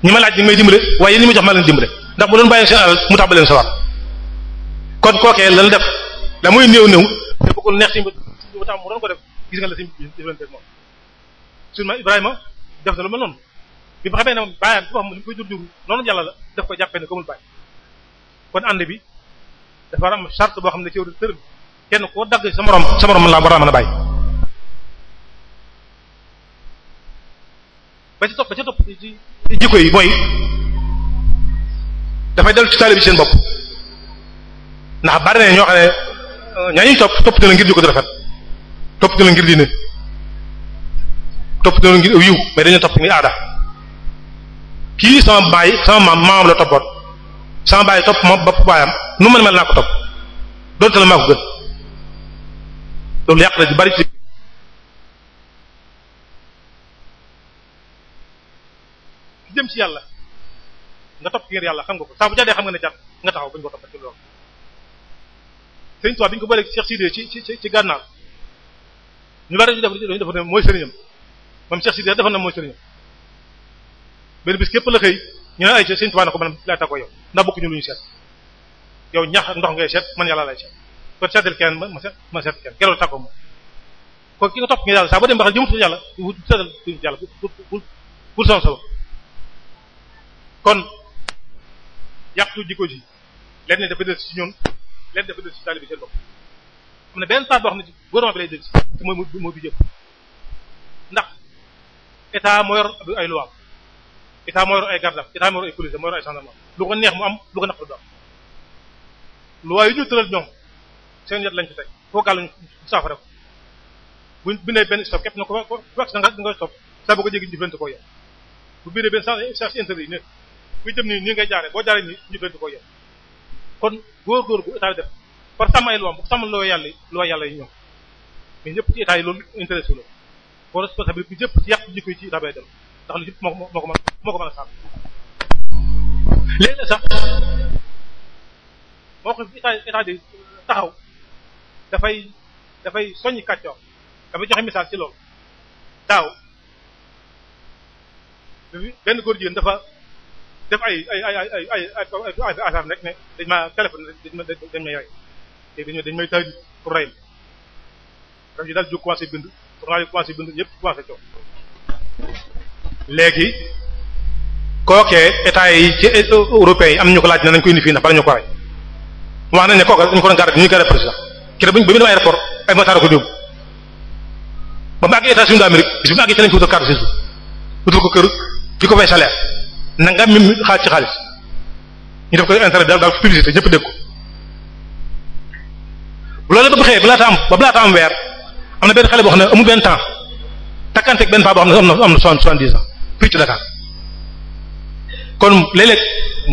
ñi may laaj ñi may dimbale waaye yéen ñi ma jox maa leen dimbale ndax mu doon bàyyi seen alal mu tàmbalee sawar kon kookee lan def la muy néew néew te bëggul ko la si jëflante ak Ibrahima def na lu mel bi ma xamee ne moom bàyyam ci boppam ni noonu yàlla la daf jàppee ne ko mul bàyyi kon ànd bi dafa war am boo xam ne ci war kenn koo dagg sa morom sa morom laa war a a bàyyi ba ci topp ba ci topp ci yi mooy dafay dellu ci taalibe bi seen bopp ndax bari ñoo xam ne euh, ñaa ñuy topp topp dina ngir jikko du rafet topp dina ngir diine topp dina ngir yiw mais dañu topp ngir aada kii sama baay sama maam maamam la toppoon sama baay topp ma bopp baayam nu mën mel naa ko topp doonte la maa ko gën loolu yàq na ci bari ci ci yàlla nga topp ngir yàlla xam nga ko saa bu jàddee xam nga ne jàll nga taxaw bañ ko topp ci loolu sëriñ Tuubaa bi ñu ko booleeg Cheikh Sidé ci ci ci gànnaar ñu bari ñu def dañu def ne mooy sëriñam moom Cheikh Sidé dafa na mooy sëriñam benn bis képp la xëy ñu ne ay ca sëñ ko man laa tàggoo yow ndax bokkuñu lu ñu seet yow ñax ak ndox ngay seet man yàlla lay seet kon seetal kenn ma ma seet kenn geloolu ki nga topp nga yàlla saa ba dem baxal jëmutu yàlla seetal yàlla pour son sabab kon yàqtu jikko ji lenn dafa des ci ñun lenn dafa des ci taalibe bi boo xam ne ci gouvernement bi lay dégg ci mooy bi jëpp ndax état moo yor ay luwaam état moo ay gardam état moo yor ay police moo yor ay gendarme lu ko neex mu am lu ko naqari du am loi yi ñu tëral ñoom seen yet lañ ci teg foo gàlluñ saafara ko bu bindee benn stop képp na ko ko wax nga nga stop saa boo ko jéggi jëflante ko yow bu bindee benn sens interdit ne kuy jëm nii nii ngay jaare boo jaaree nii jëflante ko yow kon góor-góor gu état bi par sàmm ay loi bu sàmm loo yàlla loo yàlla yi ñoom mais ñëpp ci état yi loolu intéressé wu la kon yàq jikko yi ndax lu moo ko moo ko moo ko sax moo ko état état di taxaw dafay dafay soññi kàccoor dafay joxe message ci loolu daaw benn góor jigéen dafa def ay ay ay ay ay ay asar rek ne dañ maa téléphone may rey dañ may taaj pour rey daal jóg commencé bind journal yi commencé bind ñëpp commencé coow léegi kookee état yi ci européens yi am ñu ko laaj ne nañ ko ni fii na bala ñu ko rey wax nañ ne kooka dañu ko doon garde ñu garde président kër ba ñu ba mu dem aéroport ay motaar ko yóbbu ba mu àgg États-Unis d'Amérique ko wutal carte ko kër di ko fay salaire nanga mim xaalis ci xaalis ñu def ko internet daal daal publicité ñëpp dégg ko loolu ba bu xëyee ba laata am ba laa am weer am na benn xale boo xam ne amul benn temps takkanteeg benn paa boo xam na am piccu Dakar kon léeg-léeg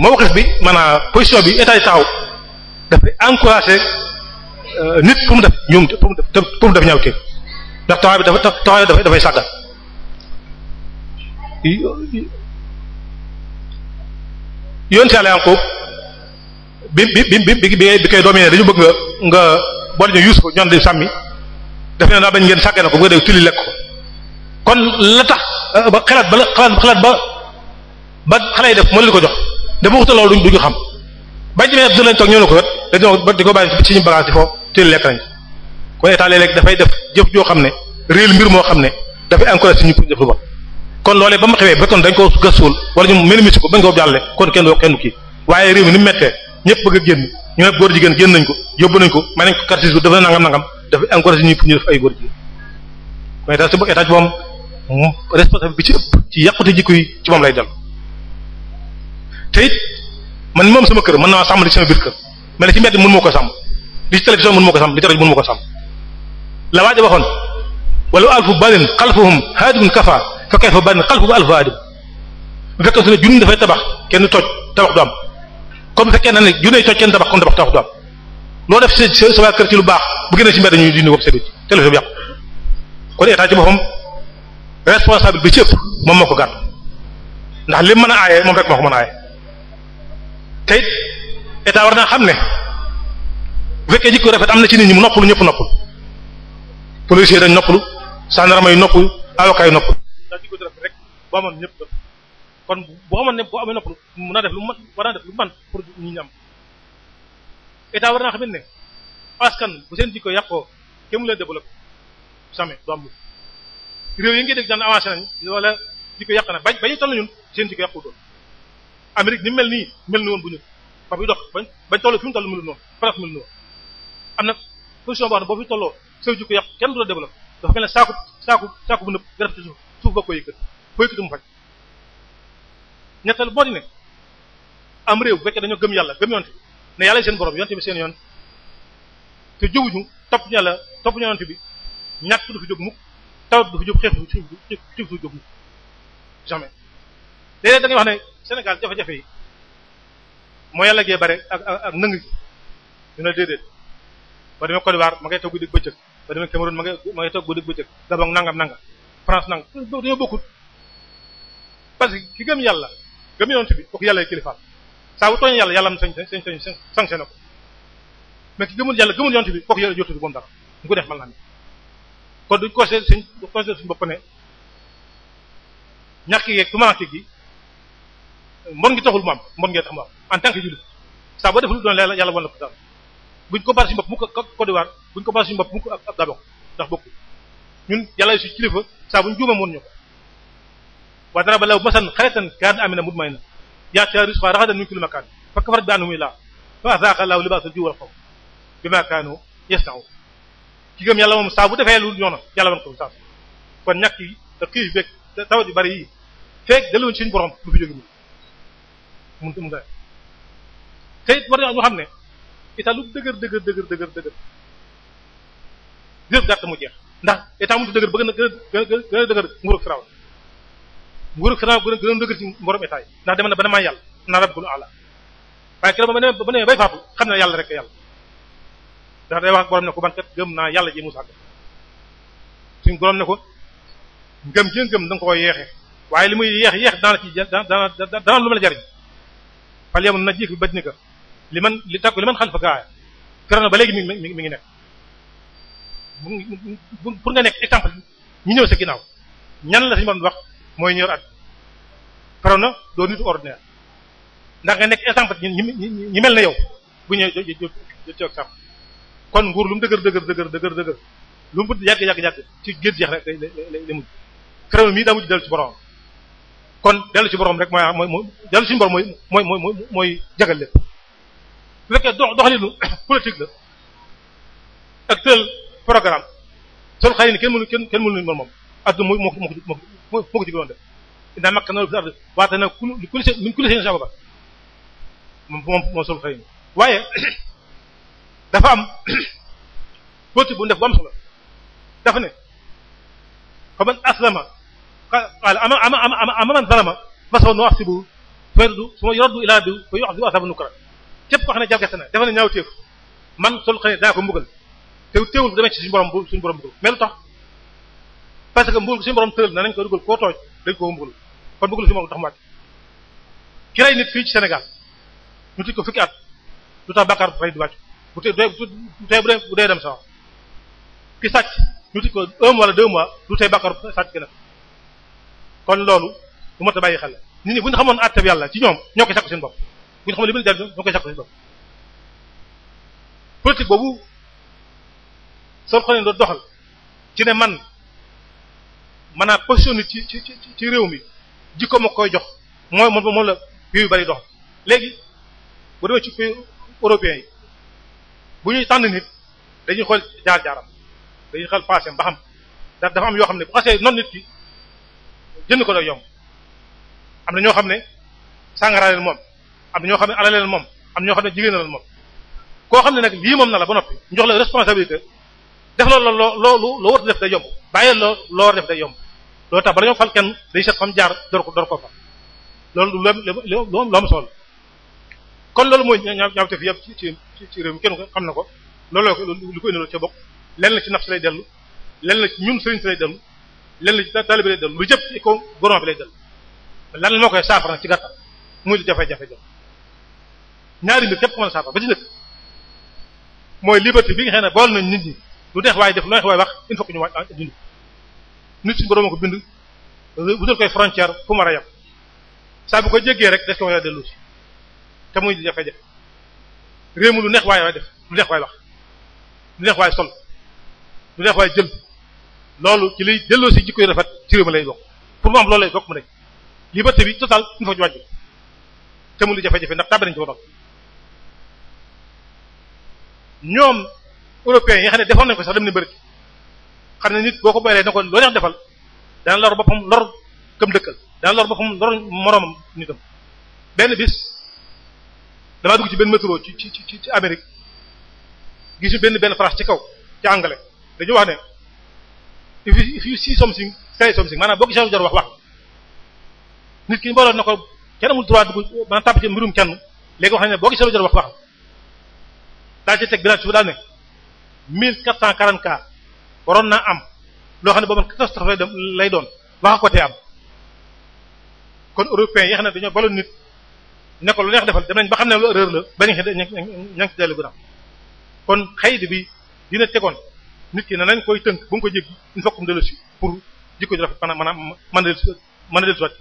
mawqif bi maanaam position bi état yi taxaw dafay encourager euh, nit pour mu def ñoom pour mu def pour mu def ñaaw ndax taxawaay bi dafa taxawaay dafay dafay sàggal yoon si àll Yaaqub bi bi bi bi bi koy doomee dañu bëgg nga nga boole ñu yuus ko ñoom di sàmmi daf naa bañ ngeen sàggee na ko bu nga dee lekk ko kon la tax Euh, ba xalaat ba la xalaat ba ba xale yi def mën li ko jox dama wutal loolu duñ duñu xam bañ demee ab dër lañ toog ñëw ko wet ba di ko bàyyi ci ñu bagage yi foofu téel lekk nañ kon état dafay def jëf joo xam ne réel mbir moo xam ne dafay encouragé ñu ko def lu ba kon loolee ba mu xewee ba kon dañ ko gëstuwul wala ñu mel ko bañ ko jàlle kon kenn doo kenn kii waaye réew mi ni mu méttee ñëpp génn nañ ko yóbbu nañ ko may nañ ko quartier bi dafa nangam nangam dafay encouragé ñu ñu def ay góor jigéen kon état si état moom responsable bi ci ëpp ci yàqute jikko yi ci moom lay dellu te man moom sama kër mën naa sàmm li sama biir kër mais li ci mbedd mënu moo ko sàmm li ci télévision mënu ma ko sàmm li ci rajo mënu ma ko sàmm la waa ji waxoon wala alfu balin xalfuhum haadibun kafa fa kayfa balin xalfuhu alfu haadib dafay tabax kenn toj tabax du comme bu fekkee na ne junney toj kenn tabax kon tabax tabax du am loo def sa sa kër ci lu baax bu génnee ci mbedd ñu dindi ko sa biir télévision bi yàqu kon état ci responsable bi ci moom moo ko gàddu ndax li mën a aaye moom rek moo ko mën a aaye te it war naa xam ne bu fekkee jikko rafet am na ci nit ñi mu noppalu ñëpp noppalu policier dañ noppalu gendarme yi noppalu avocat yi noppalu ndax jikko rafet amoon kon boo ne boo amee noppalu mën def lu man war naa def lu man pour ñi ñu am war naa xam ne askan bu seen jikko yàqoo kenn mu leen développé réew yi nga dégg daan avancé nañ wala di ko yàq na bañ bañu ñun seen di ko yàqu doon Amérique ni mel nii mel ni woon bu ñu ba buy dox bañ bañ toll fi mu toll mënul noonu France am na position boo ne boo fi tolloo sëw yàq kenn du la développé dafa mel ne saaku saaku saaku bu nëpp nga def ci suuf suuf ba ko yëkkat ko yëkkati mu faj ñettal boo di am réew bu fekkee dañoo gëm yàlla gëm yonte ne yàlla seen borom yonte bi seen yoon te jóguñu topp ñu yàlla topp ñu yonte bi ñàkk du fi jóg mukk tawat du fi jóg xeex du fi xiif du jóg mu jamais léeg-léeg da wax ne Sénégal jafe-jafe yi moo yàlla gee bare ak ak nëng gi ñu ne déedéet ba demee Côte d'Ivoire ma ngay toog guddi bëccëg ba demee Cameroun ma ngay ma ngay toog guddi bëccëg Gabon nangam nangam France nangam dañoo bokkut parce que ki gëm yàlla gëm yonent bi kooku yàlla kilifaam saa bu tooñee yàlla yàlla am sañ sañ sañ sanctionné ko mais ki gëmul yàlla gëmul yonent bi kooku yàlla jotul boom dara mu ko def mën naa kon duñ conseillé suñ conseillé suñu bopp ne ñàkk yeeg tumaranke gi mbon ngi taxul mu am mbon ngee tax mu am en tant que jullit saa boo la yàlla wan la ko daal buñ ko baal suñu bopp mu ko Côte d'Ivoire buñ ko baal suñu bopp mu ko ab daa bokk ndax bokku ñun yàlla su kilifa saa buñ juuma moon ñu ko waa dara ba law masan xaritan kaana amina mutmainna ya'tihaa rizqahaa ragadan min kulli makaan fa kafarat bi an'umillaahi fa azaaqa Allaahu libaasal juu' wal xawf bimaa kaanuu yasna'uun ki gëm yàlla moom saa bu defee lu ñoona yàlla wan ko saa kon ñàkk yi te xiif beeg te tawat yu bari yi feeg delluwoon fi jóge mu mun nga te it war ñu xam ne état dëgër dëgër dëgër mu jeex ndax état mënut a dëgër na gën a gën a gën a dëgër nguurug Firaaw nguurug Firaaw gën a gën a dëgër ndax dem na ba ne maa yàlla na rabbul ala waaye keroog ba ne ba ne bay faatu xam ne yàlla rek yàlla ndax day wax ak ne ko man kat gëm naa yàlla ji mu sàkk suñ borom ne ko ngëm gi ngëm da nga ko yeexee waaye li muy yeex yeex daana ci daana daana lu ma la jariñ fal yam na jiik bi bët ni ka li man li takku li man xalifa ba léegi mi ngi mi ngi nekk pour nga nekk exemple ñu ñëw sa ginnaaw ñan la suñu borom wax mooy ñor at Firawna doo nit ordinaire ndax nga nekk exemple ñi mel na yow bu ñëw jo jo jo kon nguur lu mu dëgër dëgër dëgër dëgër dëgër lu mu yàgg yàgg yàgg ci géej jeex rek lay lay lay mujj Crémé mii daa mujj dellu ci borom kon dellu ci borom rek mooy mooy dellu ci borom mooy mooy mooy mooy jagal lépp bu fekkee dox doxalinu politique la ak tëral programme sol xëy na kenn mënu kenn kenn mënu moom adduna moo ko moo ko moo ko ci gënoon def indaa makka na fi ard waate ku ku min ku li seen saba moom moom moom sol xëy waaye dafa am politique bu def bu am solo dafa ne fa man aslama qaala ama ama ama ama man zalama fa sawfa nu'aqibuhu fa yaruddu summa yuraddu ilaa rabbihi fa yu'adhabu 'adhaaban nukraa képp ne jalgati na dafa ne ñaaw téef man sol xëy daa ko mbugal te teewul demee ci suñu borom bu suñu lu tax parce que mbugal suñu borom tëral na nañ ko dugal koo tooj dañ koo mbugal kon mbugal suñu borom tax mu wàcc ki rey fii ci Sénégal ñu tëj ko fukki at lu tax bàkkaar bu fay bu tee du tee bu dee dem sax ki sàcc ñu tëj ko un mois wala mois du tey bàkkar sàcc ki la kon loolu bu mat bàyyi xel nit ñi bu ñu xamoon àtte bi yàlla ci ñoom ñoo koy sàkku seen bopp bu ñu xamoon li mu jariñ ñoo koy sàkku seen bopp politique boobu doxal ci ne man maanaam position nit ci ci ci réew mi jikko ma koy jox mooy moom moom la réew léegi bu demee ci pays européen yi bu ñuy tànn nit dañuy xool jaar-jaaram dañuy xool passé ba xam dafa am yoo xam ne bu xasee noonu nit ki jënd ko da yomb am na ñoo xam ne sàngara leen moom am na ñoo xam ne alal leen moom am ñoo xam ne jigéen moom koo xam ne nag lii moom na la ba noppi ñu jox la responsabilité def loolu loo loolu loo def day yomb bàyyi loo loo def day yomb loolu tax ba la ñoo fal kenn day seet fam jaar door ko ko fa loolu lu lu lu am solo kon loolu mooy ñaaw ñaaw te fi yëpp ci ci ci réew mi kenn ko xam na ko looloo ko lu koy indiloo ca bokk lenn la ci naf si lay dellu lenn la ci ñun sëriñ si lay dellu lenn la ci taalibe lay dellu lu jëpp ci ko gouvernement bi lay dellu lan moo koy saafara ci gàttal muy jafe-jafe jom ñaari mbir képp ko mën a saafara ba ci nekk mooy liberté bi nga xam ne bool nañ nit ñi lu neex waay def lu neex waaye wax il faut ñu waaj dund nit suñu borom a ko bind wutal koy frontière fu mu war a yem saa bu ko jéggee rek des dellu si te muy jafe-jafe réew mi lu neex waay waay def lu neex waay wax lu neex waay sol lu neex waay jël loolu ci lay delloo si jikko yu rafet ci réew mi lay bokk pour moom am loolu lay bokk mu ne liberté bi total ñu fa ci wàññi te muy jafe-jafe ndax tàbbi nañ ci boppam ñoom européens yi nga xam ne defoon nañ ko sax dem ne bëri xam ne nit boo ko baylee na ko loo neex defal daan lor boppam lor gëm dëkkal dana lor boppam lor moroomam nitam benn bis. damaa dugg ci benn métro ci ci ci ci Amérique gis benn benn phrase ci kaw ci anglais dañu wax ne if you see something say something maanaam boo gisee lu jar wax wax nit ki mbooloo na ko kenn amul droit dugg maanaam tàpp ci mbirum kenn léegi wax nañ ne boo gisee lu jar wax wax daal ci teg bi daal suuf daal ne 1444 waroon naa am loo xam ne boobu catastrophe lay doon wax ko tee am kon européen yi xam ne dañoo baloon nit. ne ko neex defal dem nañ ba xam ne lu erreur la ba ña ngi si dellu gannaaw kon xaydi bi dina tegoon nit ki ne nañ koy tënk bu nga ko jéggi il faut que mu dellu si pour jikko ji rafet maanaam maanaam mën a mën a dellu si waat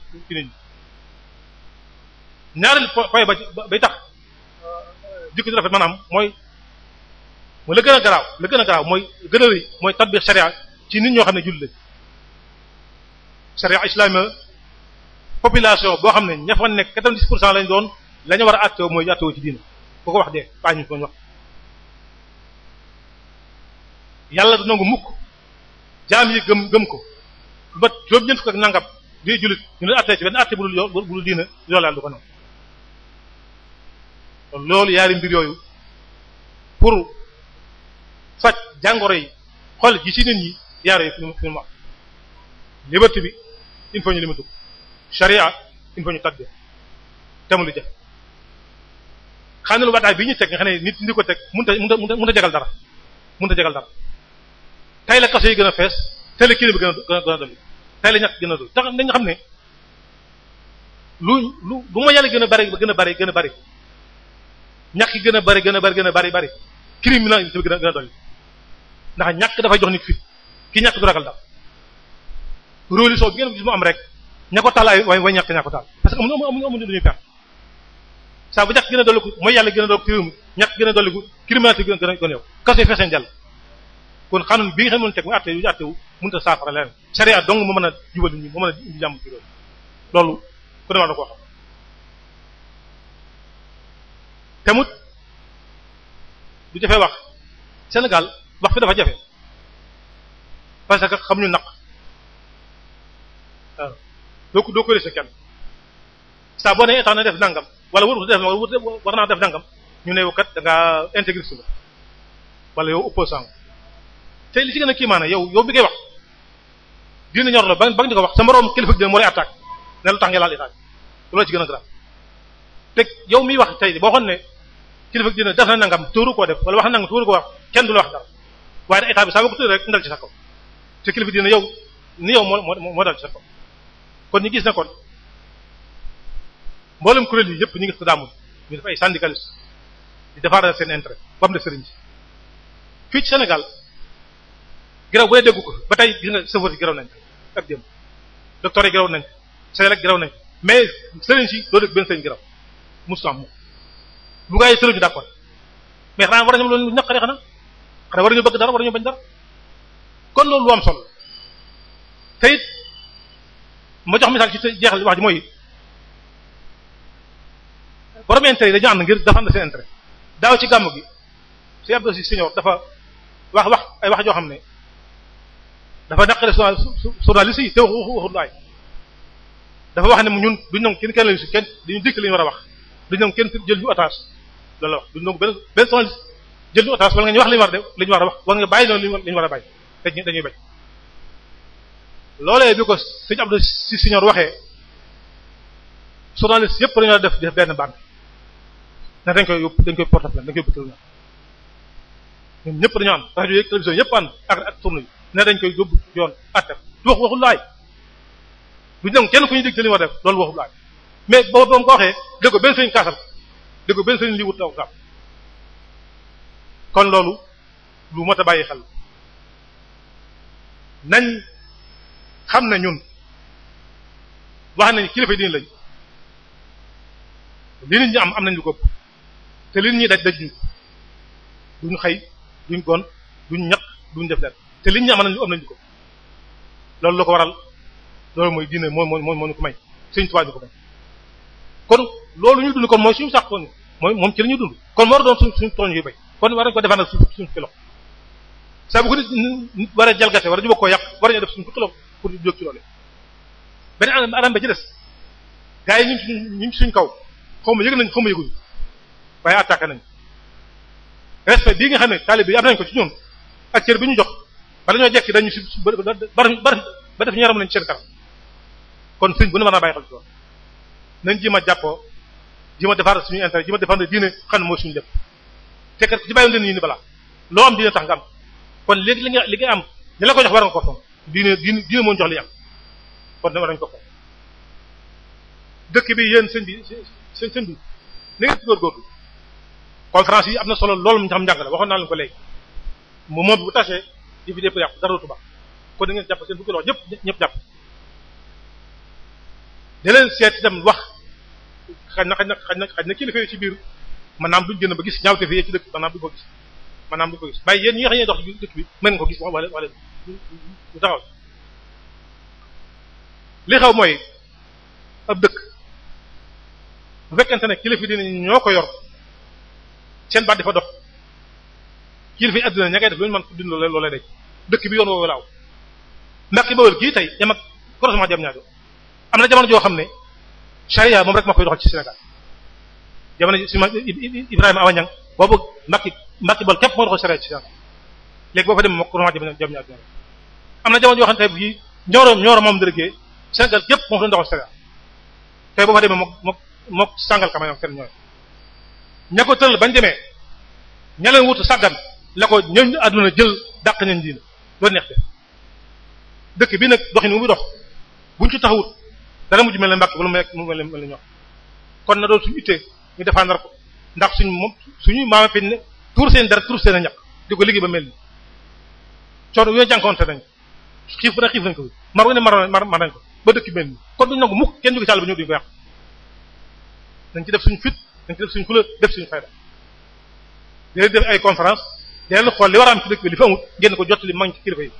ci euh, mooy mooy la gën a garaaw la garaaw mooy gën a rëy mooy tatbiq sharia ci nit ñoo xam ne jullit lañ sharia islamique population boo xam ne ña fa nekk 90 pour cent lañ doon lañu war a attewoo mooy attewoo ci diina ku ko wax dee baa ñu ko wax. yàlla du nangu mukk jaam yi gëm gëm ko ba juróom-ñeent fukk nangam di jullit ñu leen attee ci benn atte bu dul diina loolu yàlla du ko nangu loolu yaari mbir yooyu pour faj jàngoro yi xool gi ci nit ñi yaar yi fi mu fi ñu limatu sharia il faut ñu tagg temu lu jafe xam ne lu bataay bii ñu teg nga xam ne nit ñi ko teg mun ta mënut a mun a jagal dara mënut a jagal dara tey la kaso yi gën a fees tey la gën a gën dolli tey ñàkk gën a dolli dañu xam ne lu lu lu gën a bari gën a bari gën a bari ñàkk gën a bari gën a bari gën a bari bari criminalité bi gën a gën ndax ñàkk dafay jox nit fit ki ñàkk du ragal dara révolution bi ngeen gis mu am rek. ña ko taal ay way way ñàkk ña ko taal parce que amuñu amuñu amuñu lu ñuy perte saa bu ñàkk gën a dolliku mooy yàlla gën a dolliku ci réew mi ñàkk gën a dolliku criminalité gën a gën a gën a yow kaso yi fees nañ jàll kon xanun bi nga xam ne teg muy àtte yu àtte wu mënut a saafara leen sariya dong mu mën a jubal nit ñi mu mën a indi jàmm ci réew loolu ku ne war na koo xam tamut du jafee wax Sénégal wax fi dafa jafe parce que xamuñu naq waaw doo ko doo ko corriger kenn saa boo nee état na def nangam wala wut def war naa def nangam ñu ne yow kat da ngaa intégriste la wala yow opposant nga te li ci gën a kii yow yow bi ngay wax dina ñor la ba nga di ko wax sa moroom kilifa gi moo lay attaque ne lu tax nga la ci gën a te yow miy wax tey boo xam ne kilifa gi def na nangam tóoru koo def wala wax na nangam tóoru koo wax kenn du la wax dara waaye état bi ko tudd rek ndal ci sa yow ni yow moo moo dal ci kon ñu gis ne kon mboolem kuréel yi yëpp ñu ngi tadaamu ñu def ay syndicaliste di defaaral seen intérêt ba mu def sëriñ ci fii ci Sénégal giraw bu dee déggu ko ba tey gis nga sëfër yi giraw nañ ak yi giraw nañ seel mais sëriñ si doo dégg benn sëriñ giraw musu am mu bu gaa yi sëriñ mais xanaa war nañu loolu ñaqari xanaa xanaa war nañu bëgg dara war nañu bañ dara kon loolu lu am solo te moo jox misaal ci jeexal wax ji mooy borom intérêt yi dañu na ngir dafa na seen intérêt daaw ci gàmm gi si Abdou Si Senior dafa wax wax ay wax joo xam ne dafa naqare journaliste yi te waxu waxu lu ay dafa wax ne mu ñun duñ nangu kenn kenn lañu si kenn dañu dikk li ñu war a wax duñ kenn jël ñu otage loolu la wax duñ nangu benn benn journaliste jël ñu otage wala nga ñu wax li ñu war a def li ñu war a wax wala nga bàyyi loolu war a bàyyi te dañuy bañ loolee bi ko sëñ Abdou si siñor waxee journaliste yëpp dañoo def def benn bande ne dañ koy yóbbu dañ koy porte plainte dañ koy yóbbu ñëpp dañoo am télévision yëpp ànd ak ak yi ne dañ koy yóbbu yoon àtte du wax waxul laay bu ñu dem kenn ku ñuy dégg te li ma def loolu waxul laay mais boo doom ko waxee dégg ko benn sëriñ kaasal dégg benn sëriñ lii wut taw taw kon loolu lu mot a bàyyi xel nañ xam na ñun wax nañ kilifa diin lañ li nit ñi am am nañ lu ko te li nit ñi daj daj ñu duñ xëy duñ gon duñ ñaq duñ def dara te li nit ñi am am nañ lu ko loolu la ko waral loolu mooy diine moo moo moo ñu ko may Sëriñ Tuubaa ñu ñu dund kon mooy suñu sax mooy moom ci la ñuy dund kon moo war doon suñ suñ tooñ yu bay kon war nañ ko defaan suñ suñ filo saa bu ko nit war a jalgate war a juba koo yàq war nañu def suñ filo pour ñu jóg ci loole beneen anam anam ba ci des gars yi ñu ñu suñ kaw xaw ma nañ xaw ma yëguñu yi attaqué nañ respect bii nga xam ne taalibe yi am nañ ko ci ñun ak cër bi ñu jox ba dañoo jekki dañu ba ba ñaram nañ ci seen kon sëñ bu ne war naa bàyyi xel ci loolu nañ ji ma jàppoo ji ma defar suñu intérêt ji ma defar diine xam ne mooy suñu lépp te kat si ci bàyyiwoon leen nii ni balaa loo am diine tax nga am kon léegi li li nga am ñi la ko jox war koo ko diine diine diine moo jox li am kon nag ko dëkk bi yéen sëñ bi sëñ sëñ bi na ngeen ci góorgóorlu conférence yi am na solo loolu mu xam njàng la waxoon naa leen ko léegi mu moom bu tasee di fi dépp yàqu dara dootu baax kon da ngeen da leen wax xaj na na xaj na xaj na kilifa yi biir maanaam duñ gën a ba gis ñaaw te fi ci dëkk maanaam duñ ko gis maanaam duñ ko gis waaye yéen ñi nga ne dox ci dëkk bi mën nga ko gis wala wala ñu taxaw li xaw mooy ab dëkk bu fekkente ne kilifa dina ñoo ko yor seen baat dafa dox kilifa yi adduna ña ngay def lu ñu mën tudd loolee dëkk bi yoon woowu laaw mbàkk bawol gii tey yam ak croisement jam ñaajo am na jamono joo xam ne charia moom rek ma koy doxal ci Sénégal jamono si ma Ibrahima Awa Niang boobu mbàkk mbàkk bawol képp moo doxal charia ci Sénégal léegi boo fa dem moom croisement jam ñaajo am na jamono yoo xam ne tey bii Nioro moom délégué Sénégal yëpp moom la ñu doxal Sénégal tey boo fa demee mook mook mook sàngal ka seen ñooy ña ko tëral bañ demee ña leen wut sàggan la ko àdduna jël dàq nañ diina loolu neex bi nag doxin mu muy dox buñ ci taxawut dara mel ne mbàkk wala mu mel ne ñox na doon suñu ittee ñu ndax suñu moom suñu maama fi ne tuur seen dara tuur seen a ñaq di ba mel ni coono yooyu jànkoonte nañ xiif bu ne xiif nañ ko mar wu ne mar mar nañ ko ba dëkk benn kon duñ nangu mukk kenn jóge ci àll bi ñëw duñ ko yàq dañ ci def suñu fit dañ ci def suñu fula def suñu fayda dinañ def ay conférence dinañ xool li war a am ci dëkk bi li fi amul ngeen ko jot li mag ci kilifa yi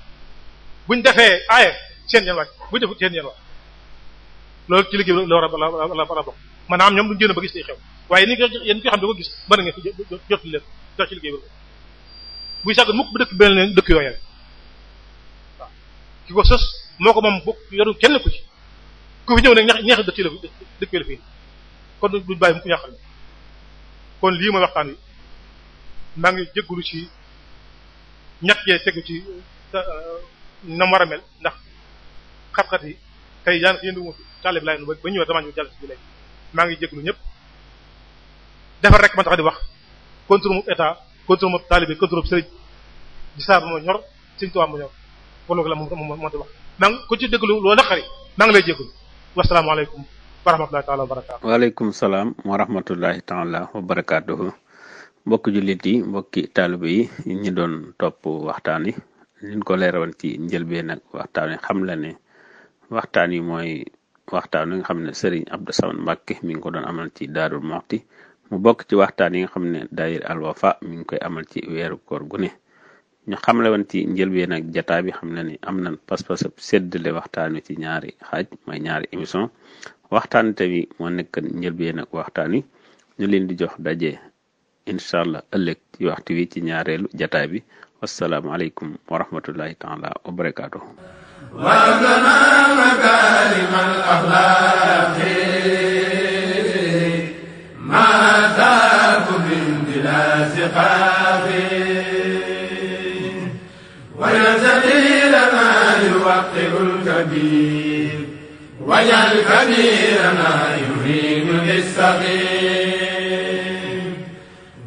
buñ defee aaye seen yeen wàcc buñ defut seen yeen wàcc loolu ci liggéey bi la war a la la war a bokk maanaam ñoom duñ génn ba gis day xew waaye ni nga yéen ko xam ne ko gis mën ngeen ko jot leen jox ci liggéey bi buy sàgg mukk bu dëkk benn dëkk yooyu ki ko sos moo ko moom bokk yoru kenn ku ci ku ñëw nag ñax ñax dëkk la fi dëkk la fi kon duñ bàyyi mu kon lii mooy waxtaan wi maa ngi jégalu ci ñax yee tegu ci euh, na mu war a mel ndax xat-xat yi tey daanaka yéen a ngi tàlle bi nu ba ñëw damaa maa ngi jégalu ñëpp defar rek ma tax di wax contre mu état contre mu taalibe contre sëriñ di saa ba ma ñor Sëriñ Tuubaa ma ñor. kon la moom moom moo wax donc ku ci déglu loolu naqari maa ngi lay jégalu wasalaamaaleykum wa rahmatulahi taala wa barakaatu. waaleykum salaam wa rahmatulahi taala wa barakaatuhu mbokki jullit yi mbokki ñi doon topp waxtaan yi liñ ko leerawan ci njëlbeen ak waxtaan yi xam la ne waxtaan yi mooy waxtaan yi nga xam ne Serigne Abdou Samad Mbacké mi ngi ko doon amal ci Daarul Muxti mu bokk ci waxtaan yi nga xam ne daayir Al Wafa mi ngi koy amal ci weeru koor gu ñu xamle woon ci njëlbeen ak jataa bi xam na ni am nañ pas-pas séddale waxtaan wi ci ñaari xaaj mooy ñaari émission waxtaan tamit mo nekk njëlbeen ak waxtaan wi ñu leen di jox daje incha allah ëllëg ci waxtu wi ci ñaareelu jataa bi wasalaamualeykum wa rahmatullahi taala wa barakaatu. ما ذاك من بلا سقاف الموقر الكبير واجعل كبيرنا يهين للصغير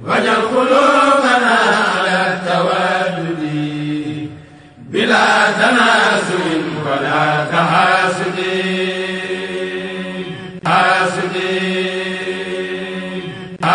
واجعل قلوبنا على التوادد بلا تناسل